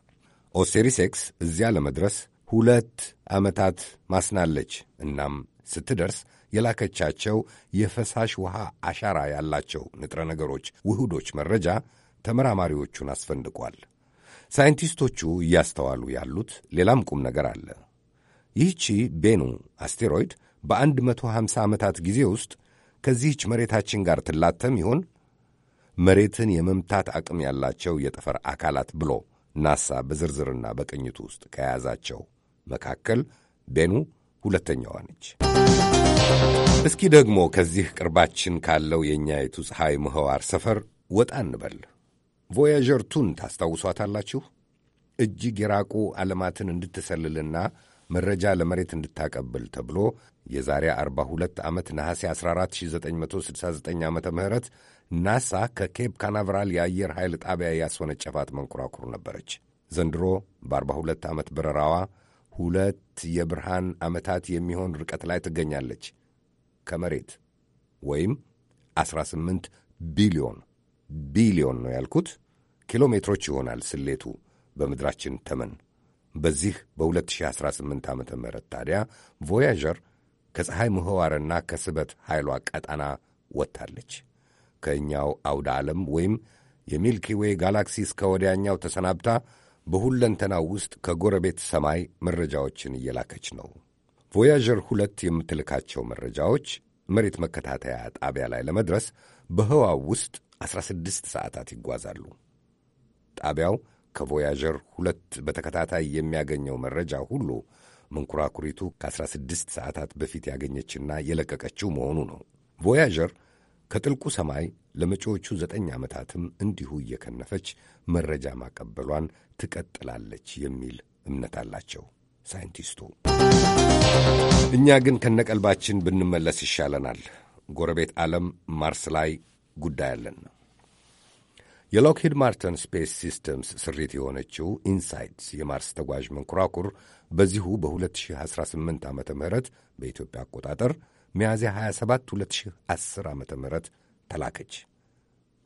ኦሴሪስ ኤክስ እዚያ ለመድረስ ሁለት ዓመታት ማስናለች። እናም ስትደርስ የላከቻቸው የፈሳሽ ውሃ አሻራ ያላቸው ንጥረ ነገሮች ውህዶች መረጃ ተመራማሪዎቹን አስፈንድቋል። ሳይንቲስቶቹ እያስተዋሉ ያሉት ሌላም ቁም ነገር አለ። ይህቺ ቤኑ አስቴሮይድ በ150 ዓመታት ጊዜ ውስጥ ከዚህች መሬታችን ጋር ትላተም ይሆን? መሬትን የመምታት አቅም ያላቸው የጠፈር አካላት ብሎ ናሳ በዝርዝርና በቅኝቱ ውስጥ ከያዛቸው መካከል ቤኑ ሁለተኛዋ ነች። እስኪ ደግሞ ከዚህ ቅርባችን ካለው የእኛይቱ ፀሐይ ምህዋር ሰፈር ወጣ እንበል። ቮያጀር ቱን ታስታውሷታላችሁ? እጅግ የራቁ ዓለማትን እንድትሰልልና መረጃ ለመሬት እንድታቀብል ተብሎ የዛሬ 42 ዓመት ነሐሴ 14 1969 ዓ ም ናሳ ከኬፕ ካናቨራል የአየር ኃይል ጣቢያ ያስወነጨፋት መንኮራኩር ነበረች። ዘንድሮ በ42 ዓመት በረራዋ ሁለት የብርሃን ዓመታት የሚሆን ርቀት ላይ ትገኛለች ከመሬት ወይም 18 ቢሊዮን ቢሊዮን ነው ያልኩት ኪሎ ሜትሮች ይሆናል ስሌቱ በምድራችን ተመን። በዚህ በ2018 ዓ ም ታዲያ ቮያዠር ከፀሐይ ምህዋርና ከስበት ኃይሏ ቀጠና ወጥታለች። ከእኛው አውደ ዓለም ወይም የሚልኪ ዌይ ጋላክሲ እስከ ወዲያኛው ተሰናብታ በሁለንተናው ውስጥ ከጎረቤት ሰማይ መረጃዎችን እየላከች ነው። ቮያዠር ሁለት የምትልካቸው መረጃዎች መሬት መከታተያ ጣቢያ ላይ ለመድረስ በህዋው ውስጥ 16 ሰዓታት ይጓዛሉ። ጣቢያው ከቮያጀር ሁለት በተከታታይ የሚያገኘው መረጃ ሁሉ መንኩራኩሪቱ ከ16 ሰዓታት በፊት ያገኘችና የለቀቀችው መሆኑ ነው። ቮያጀር ከጥልቁ ሰማይ ለመጪዎቹ ዘጠኝ ዓመታትም እንዲሁ እየከነፈች መረጃ ማቀበሏን ትቀጥላለች የሚል እምነት አላቸው ሳይንቲስቱ። እኛ ግን ከነቀልባችን ብንመለስ ይሻለናል። ጎረቤት ዓለም ማርስ ላይ ጉዳይ አለን ነው። የሎክሂድ ማርተን ስፔስ ሲስተምስ ስሪት የሆነችው ኢንሳይትስ የማርስ ተጓዥ መንኮራኩር በዚሁ በ2018 ዓ ም በኢትዮጵያ አቆጣጠር ሚያዝያ 27 2010 ዓ ም ተላከች።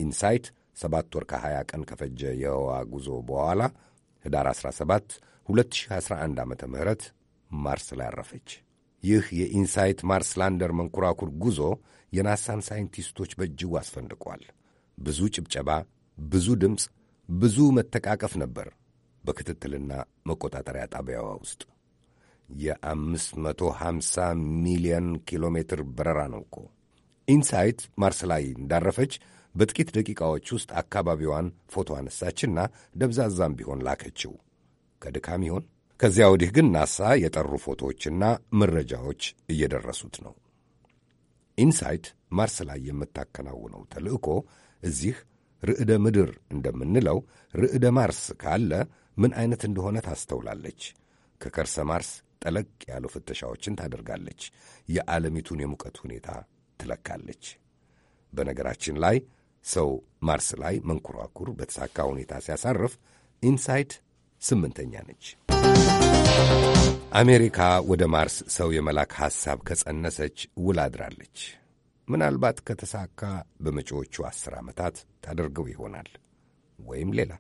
ኢንሳይት ሰባት ወር ከ20 ቀን ከፈጀ የህዋ ጉዞ በኋላ ህዳር 17 2011 ዓ ም ማርስ ላይ አረፈች። ይህ የኢንሳይት ማርስ ላንደር መንኮራኩር ጉዞ የናሳን ሳይንቲስቶች በእጅጉ አስፈንድቋል። ብዙ ጭብጨባ፣ ብዙ ድምፅ፣ ብዙ መተቃቀፍ ነበር በክትትልና መቆጣጠሪያ ጣቢያዋ ውስጥ። የ550 ሚሊዮን ኪሎ ሜትር በረራ ነው እኮ። ኢንሳይት ማርስ ላይ እንዳረፈች በጥቂት ደቂቃዎች ውስጥ አካባቢዋን ፎቶ አነሳችና ደብዛዛም ቢሆን ላከችው። ከድካም ይሆን ከዚያ ወዲህ ግን ናሳ የጠሩ ፎቶዎችና መረጃዎች እየደረሱት ነው። ኢንሳይት ማርስ ላይ የምታከናውነው ተልእኮ እዚህ ርዕደ ምድር እንደምንለው ርዕደ ማርስ ካለ ምን አይነት እንደሆነ ታስተውላለች። ከከርሰ ማርስ ጠለቅ ያሉ ፍተሻዎችን ታደርጋለች። የዓለሚቱን የሙቀት ሁኔታ ትለካለች። በነገራችን ላይ ሰው ማርስ ላይ መንኮራኩር በተሳካ ሁኔታ ሲያሳርፍ ኢንሳይት ስምንተኛ ነች። አሜሪካ ወደ ማርስ ሰው የመላክ ሐሳብ ከጸነሰች ውል አድራለች። ምናልባት ከተሳካ በመጪዎቹ ዐሥር ዓመታት ታደርገው ይሆናል ወይም ሌላ።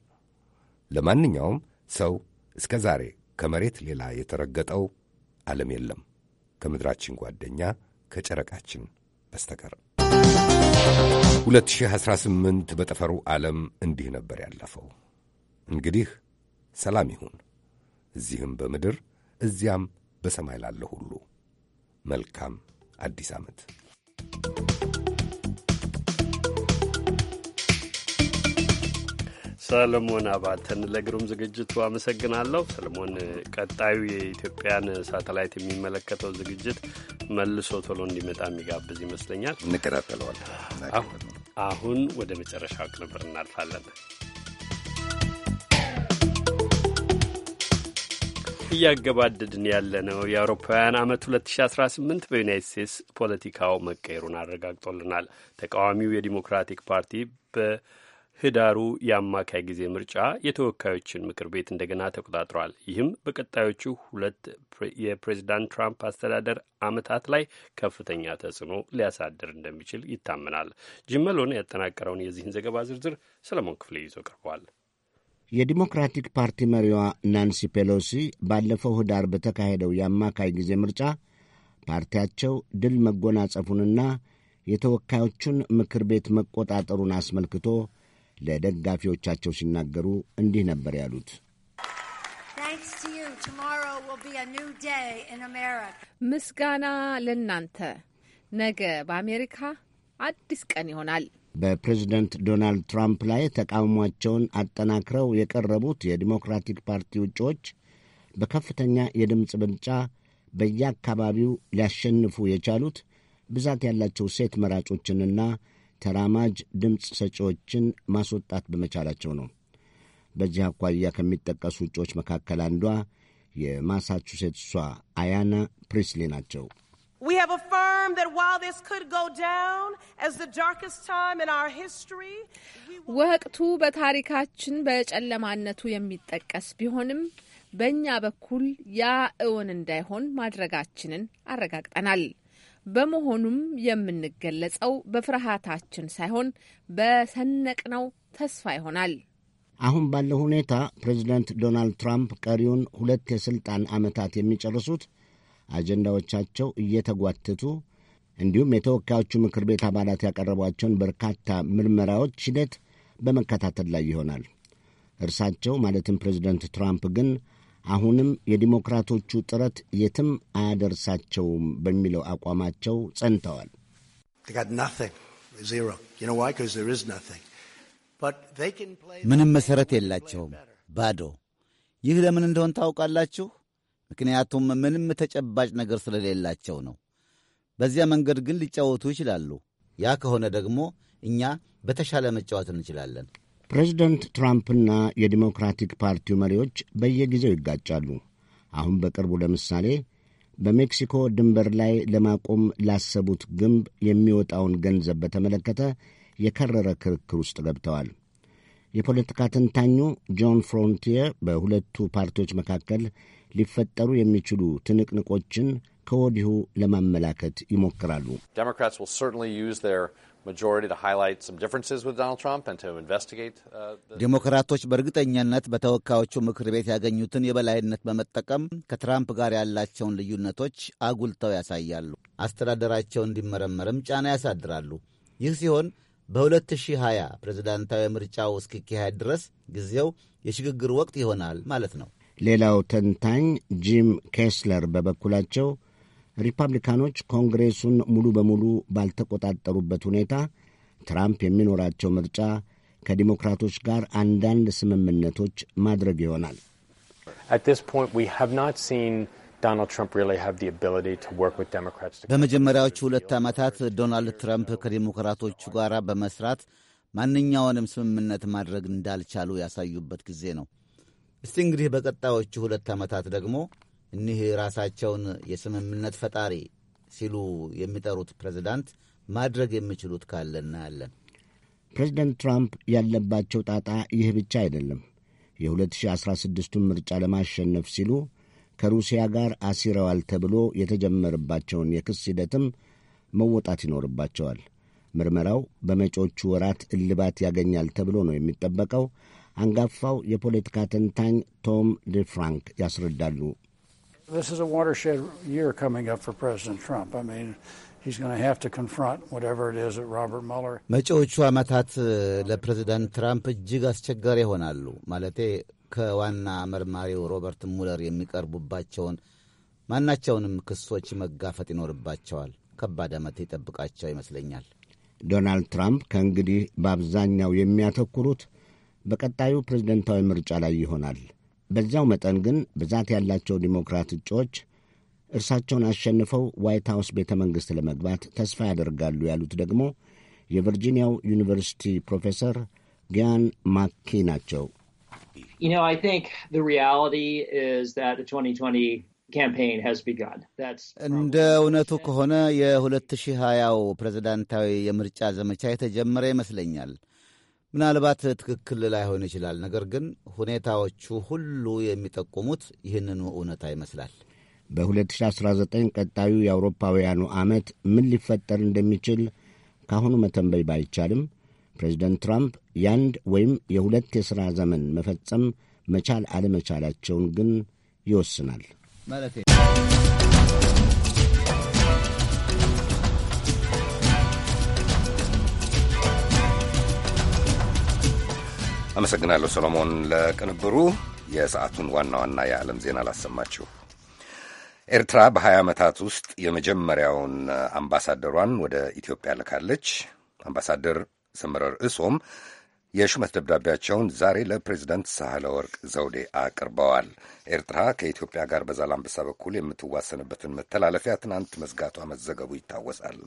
ለማንኛውም ሰው እስከ ዛሬ ከመሬት ሌላ የተረገጠው ዓለም የለም ከምድራችን ጓደኛ ከጨረቃችን በስተቀር። 2018 በጠፈሩ ዓለም እንዲህ ነበር ያለፈው። እንግዲህ ሰላም ይሁን። እዚህም በምድር እዚያም በሰማይ ላለ ሁሉ መልካም አዲስ ዓመት። ሰለሞን አባተን ለግሩም ዝግጅቱ አመሰግናለሁ። ሰለሞን፣ ቀጣዩ የኢትዮጵያን ሳተላይት የሚመለከተው ዝግጅት መልሶ ቶሎ እንዲመጣ የሚጋብዝ ይመስለኛል። እንከታተለዋለን። አሁን ወደ መጨረሻው ቅንብር እናልፋለን። እያገባደድን ያለ ነው። የአውሮፓውያን ዓመት 2018 በዩናይት ስቴትስ ፖለቲካው መቀየሩን አረጋግጦልናል። ተቃዋሚው የዲሞክራቲክ ፓርቲ በህዳሩ የአማካይ ጊዜ ምርጫ የተወካዮችን ምክር ቤት እንደገና ተቆጣጥሯል። ይህም በቀጣዮቹ ሁለት የፕሬዚዳንት ትራምፕ አስተዳደር ዓመታት ላይ ከፍተኛ ተጽዕኖ ሊያሳድር እንደሚችል ይታመናል። ጅመሎን ያጠናቀረውን የዚህን ዘገባ ዝርዝር ሰለሞን ክፍሌ ይዞ ቀርቧል። የዲሞክራቲክ ፓርቲ መሪዋ ናንሲ ፔሎሲ ባለፈው ኅዳር በተካሄደው የአማካይ ጊዜ ምርጫ ፓርቲያቸው ድል መጎናጸፉንና የተወካዮቹን ምክር ቤት መቆጣጠሩን አስመልክቶ ለደጋፊዎቻቸው ሲናገሩ እንዲህ ነበር ያሉት። ምስጋና ለናንተ፣ ነገ በአሜሪካ አዲስ ቀን ይሆናል። በፕሬዝደንት ዶናልድ ትራምፕ ላይ ተቃውሟቸውን አጠናክረው የቀረቡት የዲሞክራቲክ ፓርቲ ዕጩዎች በከፍተኛ የድምፅ ብልጫ በየአካባቢው ሊያሸንፉ የቻሉት ብዛት ያላቸው ሴት መራጮችንና ተራማጅ ድምፅ ሰጪዎችን ማስወጣት በመቻላቸው ነው። በዚህ አኳያ ከሚጠቀሱ ዕጩዎች መካከል አንዷ የማሳቹሴትሷ አያና ፕሪስሊ ናቸው። We have affirmed that while this could go down as the darkest time in our history, ወቅቱ በታሪካችን በጨለማነቱ የሚጠቀስ ቢሆንም በእኛ በኩል ያ እውን እንዳይሆን ማድረጋችንን አረጋግጠናል። በመሆኑም የምንገለጸው በፍርሃታችን ሳይሆን በሰነቅነው ተስፋ ይሆናል። አሁን ባለው ሁኔታ ፕሬዚዳንት ዶናልድ ትራምፕ ቀሪውን ሁለት የሥልጣን ዓመታት የሚጨርሱት አጀንዳዎቻቸው እየተጓተቱ እንዲሁም የተወካዮቹ ምክር ቤት አባላት ያቀረቧቸውን በርካታ ምርመራዎች ሂደት በመከታተል ላይ ይሆናል። እርሳቸው ማለትም ፕሬዚደንት ትራምፕ ግን አሁንም የዲሞክራቶቹ ጥረት የትም አያደርሳቸውም በሚለው አቋማቸው ጸንተዋል። ምንም መሠረት የላቸውም፣ ባዶ። ይህ ለምን እንደሆን ታውቃላችሁ? ምክንያቱም ምንም ተጨባጭ ነገር ስለሌላቸው ነው። በዚያ መንገድ ግን ሊጫወቱ ይችላሉ። ያ ከሆነ ደግሞ እኛ በተሻለ መጫወት እንችላለን። ፕሬዚደንት ትራምፕና የዲሞክራቲክ ፓርቲው መሪዎች በየጊዜው ይጋጫሉ። አሁን በቅርቡ ለምሳሌ በሜክሲኮ ድንበር ላይ ለማቆም ላሰቡት ግንብ የሚወጣውን ገንዘብ በተመለከተ የከረረ ክርክር ውስጥ ገብተዋል። የፖለቲካ ተንታኙ ጆን ፍሮንቲየር በሁለቱ ፓርቲዎች መካከል ሊፈጠሩ የሚችሉ ትንቅንቆችን ከወዲሁ ለማመላከት ይሞክራሉ። uh, ዴሞክራቶች በእርግጠኛነት በተወካዮቹ ምክር ቤት ያገኙትን የበላይነት በመጠቀም ከትራምፕ ጋር ያላቸውን ልዩነቶች አጉልተው ያሳያሉ። አስተዳደራቸው እንዲመረመርም ጫና ያሳድራሉ። ይህ ሲሆን በ2020 ፕሬዝዳንታዊ ምርጫው እስኪካሄድ ድረስ ጊዜው የሽግግር ወቅት ይሆናል ማለት ነው። ሌላው ተንታኝ ጂም ኬስለር በበኩላቸው ሪፐብሊካኖች ኮንግሬሱን ሙሉ በሙሉ ባልተቆጣጠሩበት ሁኔታ ትራምፕ የሚኖራቸው ምርጫ ከዲሞክራቶች ጋር አንዳንድ ስምምነቶች ማድረግ ይሆናል። በመጀመሪያዎቹ ሁለት ዓመታት ዶናልድ ትራምፕ ከዲሞክራቶቹ ጋር በመስራት ማንኛውንም ስምምነት ማድረግ እንዳልቻሉ ያሳዩበት ጊዜ ነው። እስቲ እንግዲህ በቀጣዮቹ ሁለት ዓመታት ደግሞ እኒህ ራሳቸውን የስምምነት ፈጣሪ ሲሉ የሚጠሩት ፕሬዚዳንት ማድረግ የሚችሉት ካለ እናያለን። ፕሬዚደንት ትራምፕ ያለባቸው ጣጣ ይህ ብቻ አይደለም። የ2016ቱን ምርጫ ለማሸነፍ ሲሉ ከሩሲያ ጋር አሲረዋል ተብሎ የተጀመረባቸውን የክስ ሂደትም መወጣት ይኖርባቸዋል። ምርመራው በመጪዎቹ ወራት እልባት ያገኛል ተብሎ ነው የሚጠበቀው። አንጋፋው የፖለቲካ ተንታኝ ቶም ፍራንክ ያስረዳሉ። መጪዎቹ ዓመታት uh, ለፕሬዚዳንት ትራምፕ እጅግ አስቸጋሪ ይሆናሉ። ማለቴ ከዋና መርማሪው ሮበርት ሙለር የሚቀርቡባቸውን ማናቸውንም ክሶች መጋፈጥ ይኖርባቸዋል። ከባድ ዓመት ይጠብቃቸው ይመስለኛል። ዶናልድ ትራምፕ ከእንግዲህ በአብዛኛው የሚያተኩሩት በቀጣዩ ፕሬዝደንታዊ ምርጫ ላይ ይሆናል። በዚያው መጠን ግን ብዛት ያላቸው ዲሞክራት እጩዎች እርሳቸውን አሸንፈው ዋይት ሀውስ ቤተ መንግሥት ለመግባት ተስፋ ያደርጋሉ ያሉት ደግሞ የቨርጂኒያው ዩኒቨርሲቲ ፕሮፌሰር ጊያን ማኪ ናቸው። እንደ እውነቱ ከሆነ የ2020 ፕሬዝዳንታዊ የምርጫ ዘመቻ የተጀመረ ይመስለኛል። ምናልባት ትክክል ላይሆን ይችላል። ነገር ግን ሁኔታዎቹ ሁሉ የሚጠቁሙት ይህንኑ እውነታ ይመስላል። በ2019 ቀጣዩ የአውሮፓውያኑ ዓመት ምን ሊፈጠር እንደሚችል ካሁኑ መተንበይ ባይቻልም ፕሬዚደንት ትራምፕ ያንድ ወይም የሁለት የሥራ ዘመን መፈጸም መቻል አለመቻላቸውን ግን ይወስናል ማለት አመሰግናለሁ ሰሎሞን ለቅንብሩ። የሰዓቱን ዋና ዋና የዓለም ዜና ላሰማችሁ ኤርትራ በሀያ ዓመታት ውስጥ የመጀመሪያውን አምባሳደሯን ወደ ኢትዮጵያ ልካለች። አምባሳደር ሰመረ ርዕሶም የሹመት ደብዳቤያቸውን ዛሬ ለፕሬዚደንት ሳህለ ወርቅ ዘውዴ አቅርበዋል። ኤርትራ ከኢትዮጵያ ጋር በዛላምበሳ በኩል የምትዋሰንበትን መተላለፊያ ትናንት መዝጋቷ መዘገቡ ይታወሳል።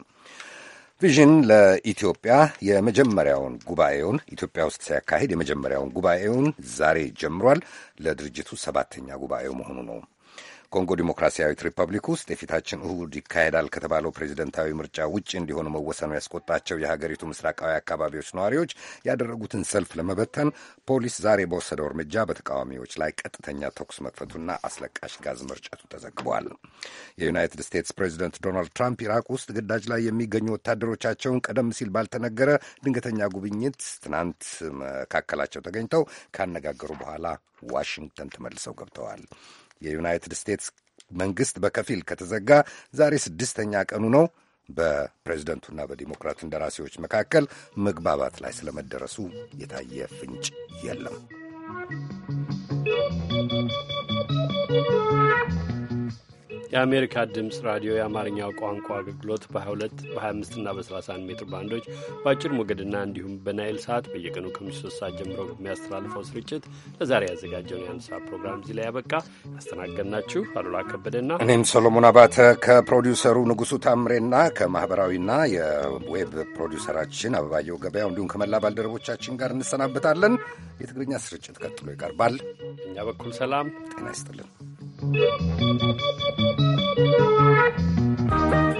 ቪዥን ለኢትዮጵያ የመጀመሪያውን ጉባኤውን ኢትዮጵያ ውስጥ ሲያካሂድ የመጀመሪያውን ጉባኤውን ዛሬ ጀምሯል። ለድርጅቱ ሰባተኛ ጉባኤው መሆኑ ነው። ኮንጎ ዲሞክራሲያዊት ሪፐብሊክ ውስጥ የፊታችን እሁድ ይካሄዳል ከተባለው ፕሬዚደንታዊ ምርጫ ውጭ እንዲሆኑ መወሰኑ ያስቆጣቸው የሀገሪቱ ምስራቃዊ አካባቢዎች ነዋሪዎች ያደረጉትን ሰልፍ ለመበተን ፖሊስ ዛሬ በወሰደው እርምጃ በተቃዋሚዎች ላይ ቀጥተኛ ተኩስ መክፈቱና አስለቃሽ ጋዝ መርጨቱ ተዘግቧል። የዩናይትድ ስቴትስ ፕሬዚደንት ዶናልድ ትራምፕ ኢራቅ ውስጥ ግዳጅ ላይ የሚገኙ ወታደሮቻቸውን ቀደም ሲል ባልተነገረ ድንገተኛ ጉብኝት ትናንት መካከላቸው ተገኝተው ካነጋገሩ በኋላ ዋሽንግተን ተመልሰው ገብተዋል። የዩናይትድ ስቴትስ መንግስት በከፊል ከተዘጋ ዛሬ ስድስተኛ ቀኑ ነው። በፕሬዝደንቱና በዲሞክራት እንደራሴዎች መካከል መግባባት ላይ ስለመደረሱ የታየ ፍንጭ የለም። የአሜሪካ ድምፅ ራዲዮ የአማርኛው ቋንቋ አገልግሎት በ22 በ25 እና በ31 ሜትር ባንዶች በአጭር ሞገድና እንዲሁም በናይል ሰዓት በየቀኑ ከምሽቱ ሶስት ሰዓት ጀምሮ በሚያስተላልፈው ስርጭት ለዛሬ ያዘጋጀውን የአንድ ሰዓት ፕሮግራም እዚህ ላይ ያበቃ። ያስተናገድናችሁ አሉላ ከበደና እኔም ሰሎሞን አባተ ከፕሮዲውሰሩ ንጉሱ ታምሬና ከማኅበራዊና የዌብ ፕሮዲውሰራችን አበባየው ገበያው እንዲሁም ከመላ ባልደረቦቻችን ጋር እንሰናበታለን። የትግርኛ ስርጭት ቀጥሎ ይቀርባል። እኛ በኩል ሰላም ጤና ይስጥልን። Thank you.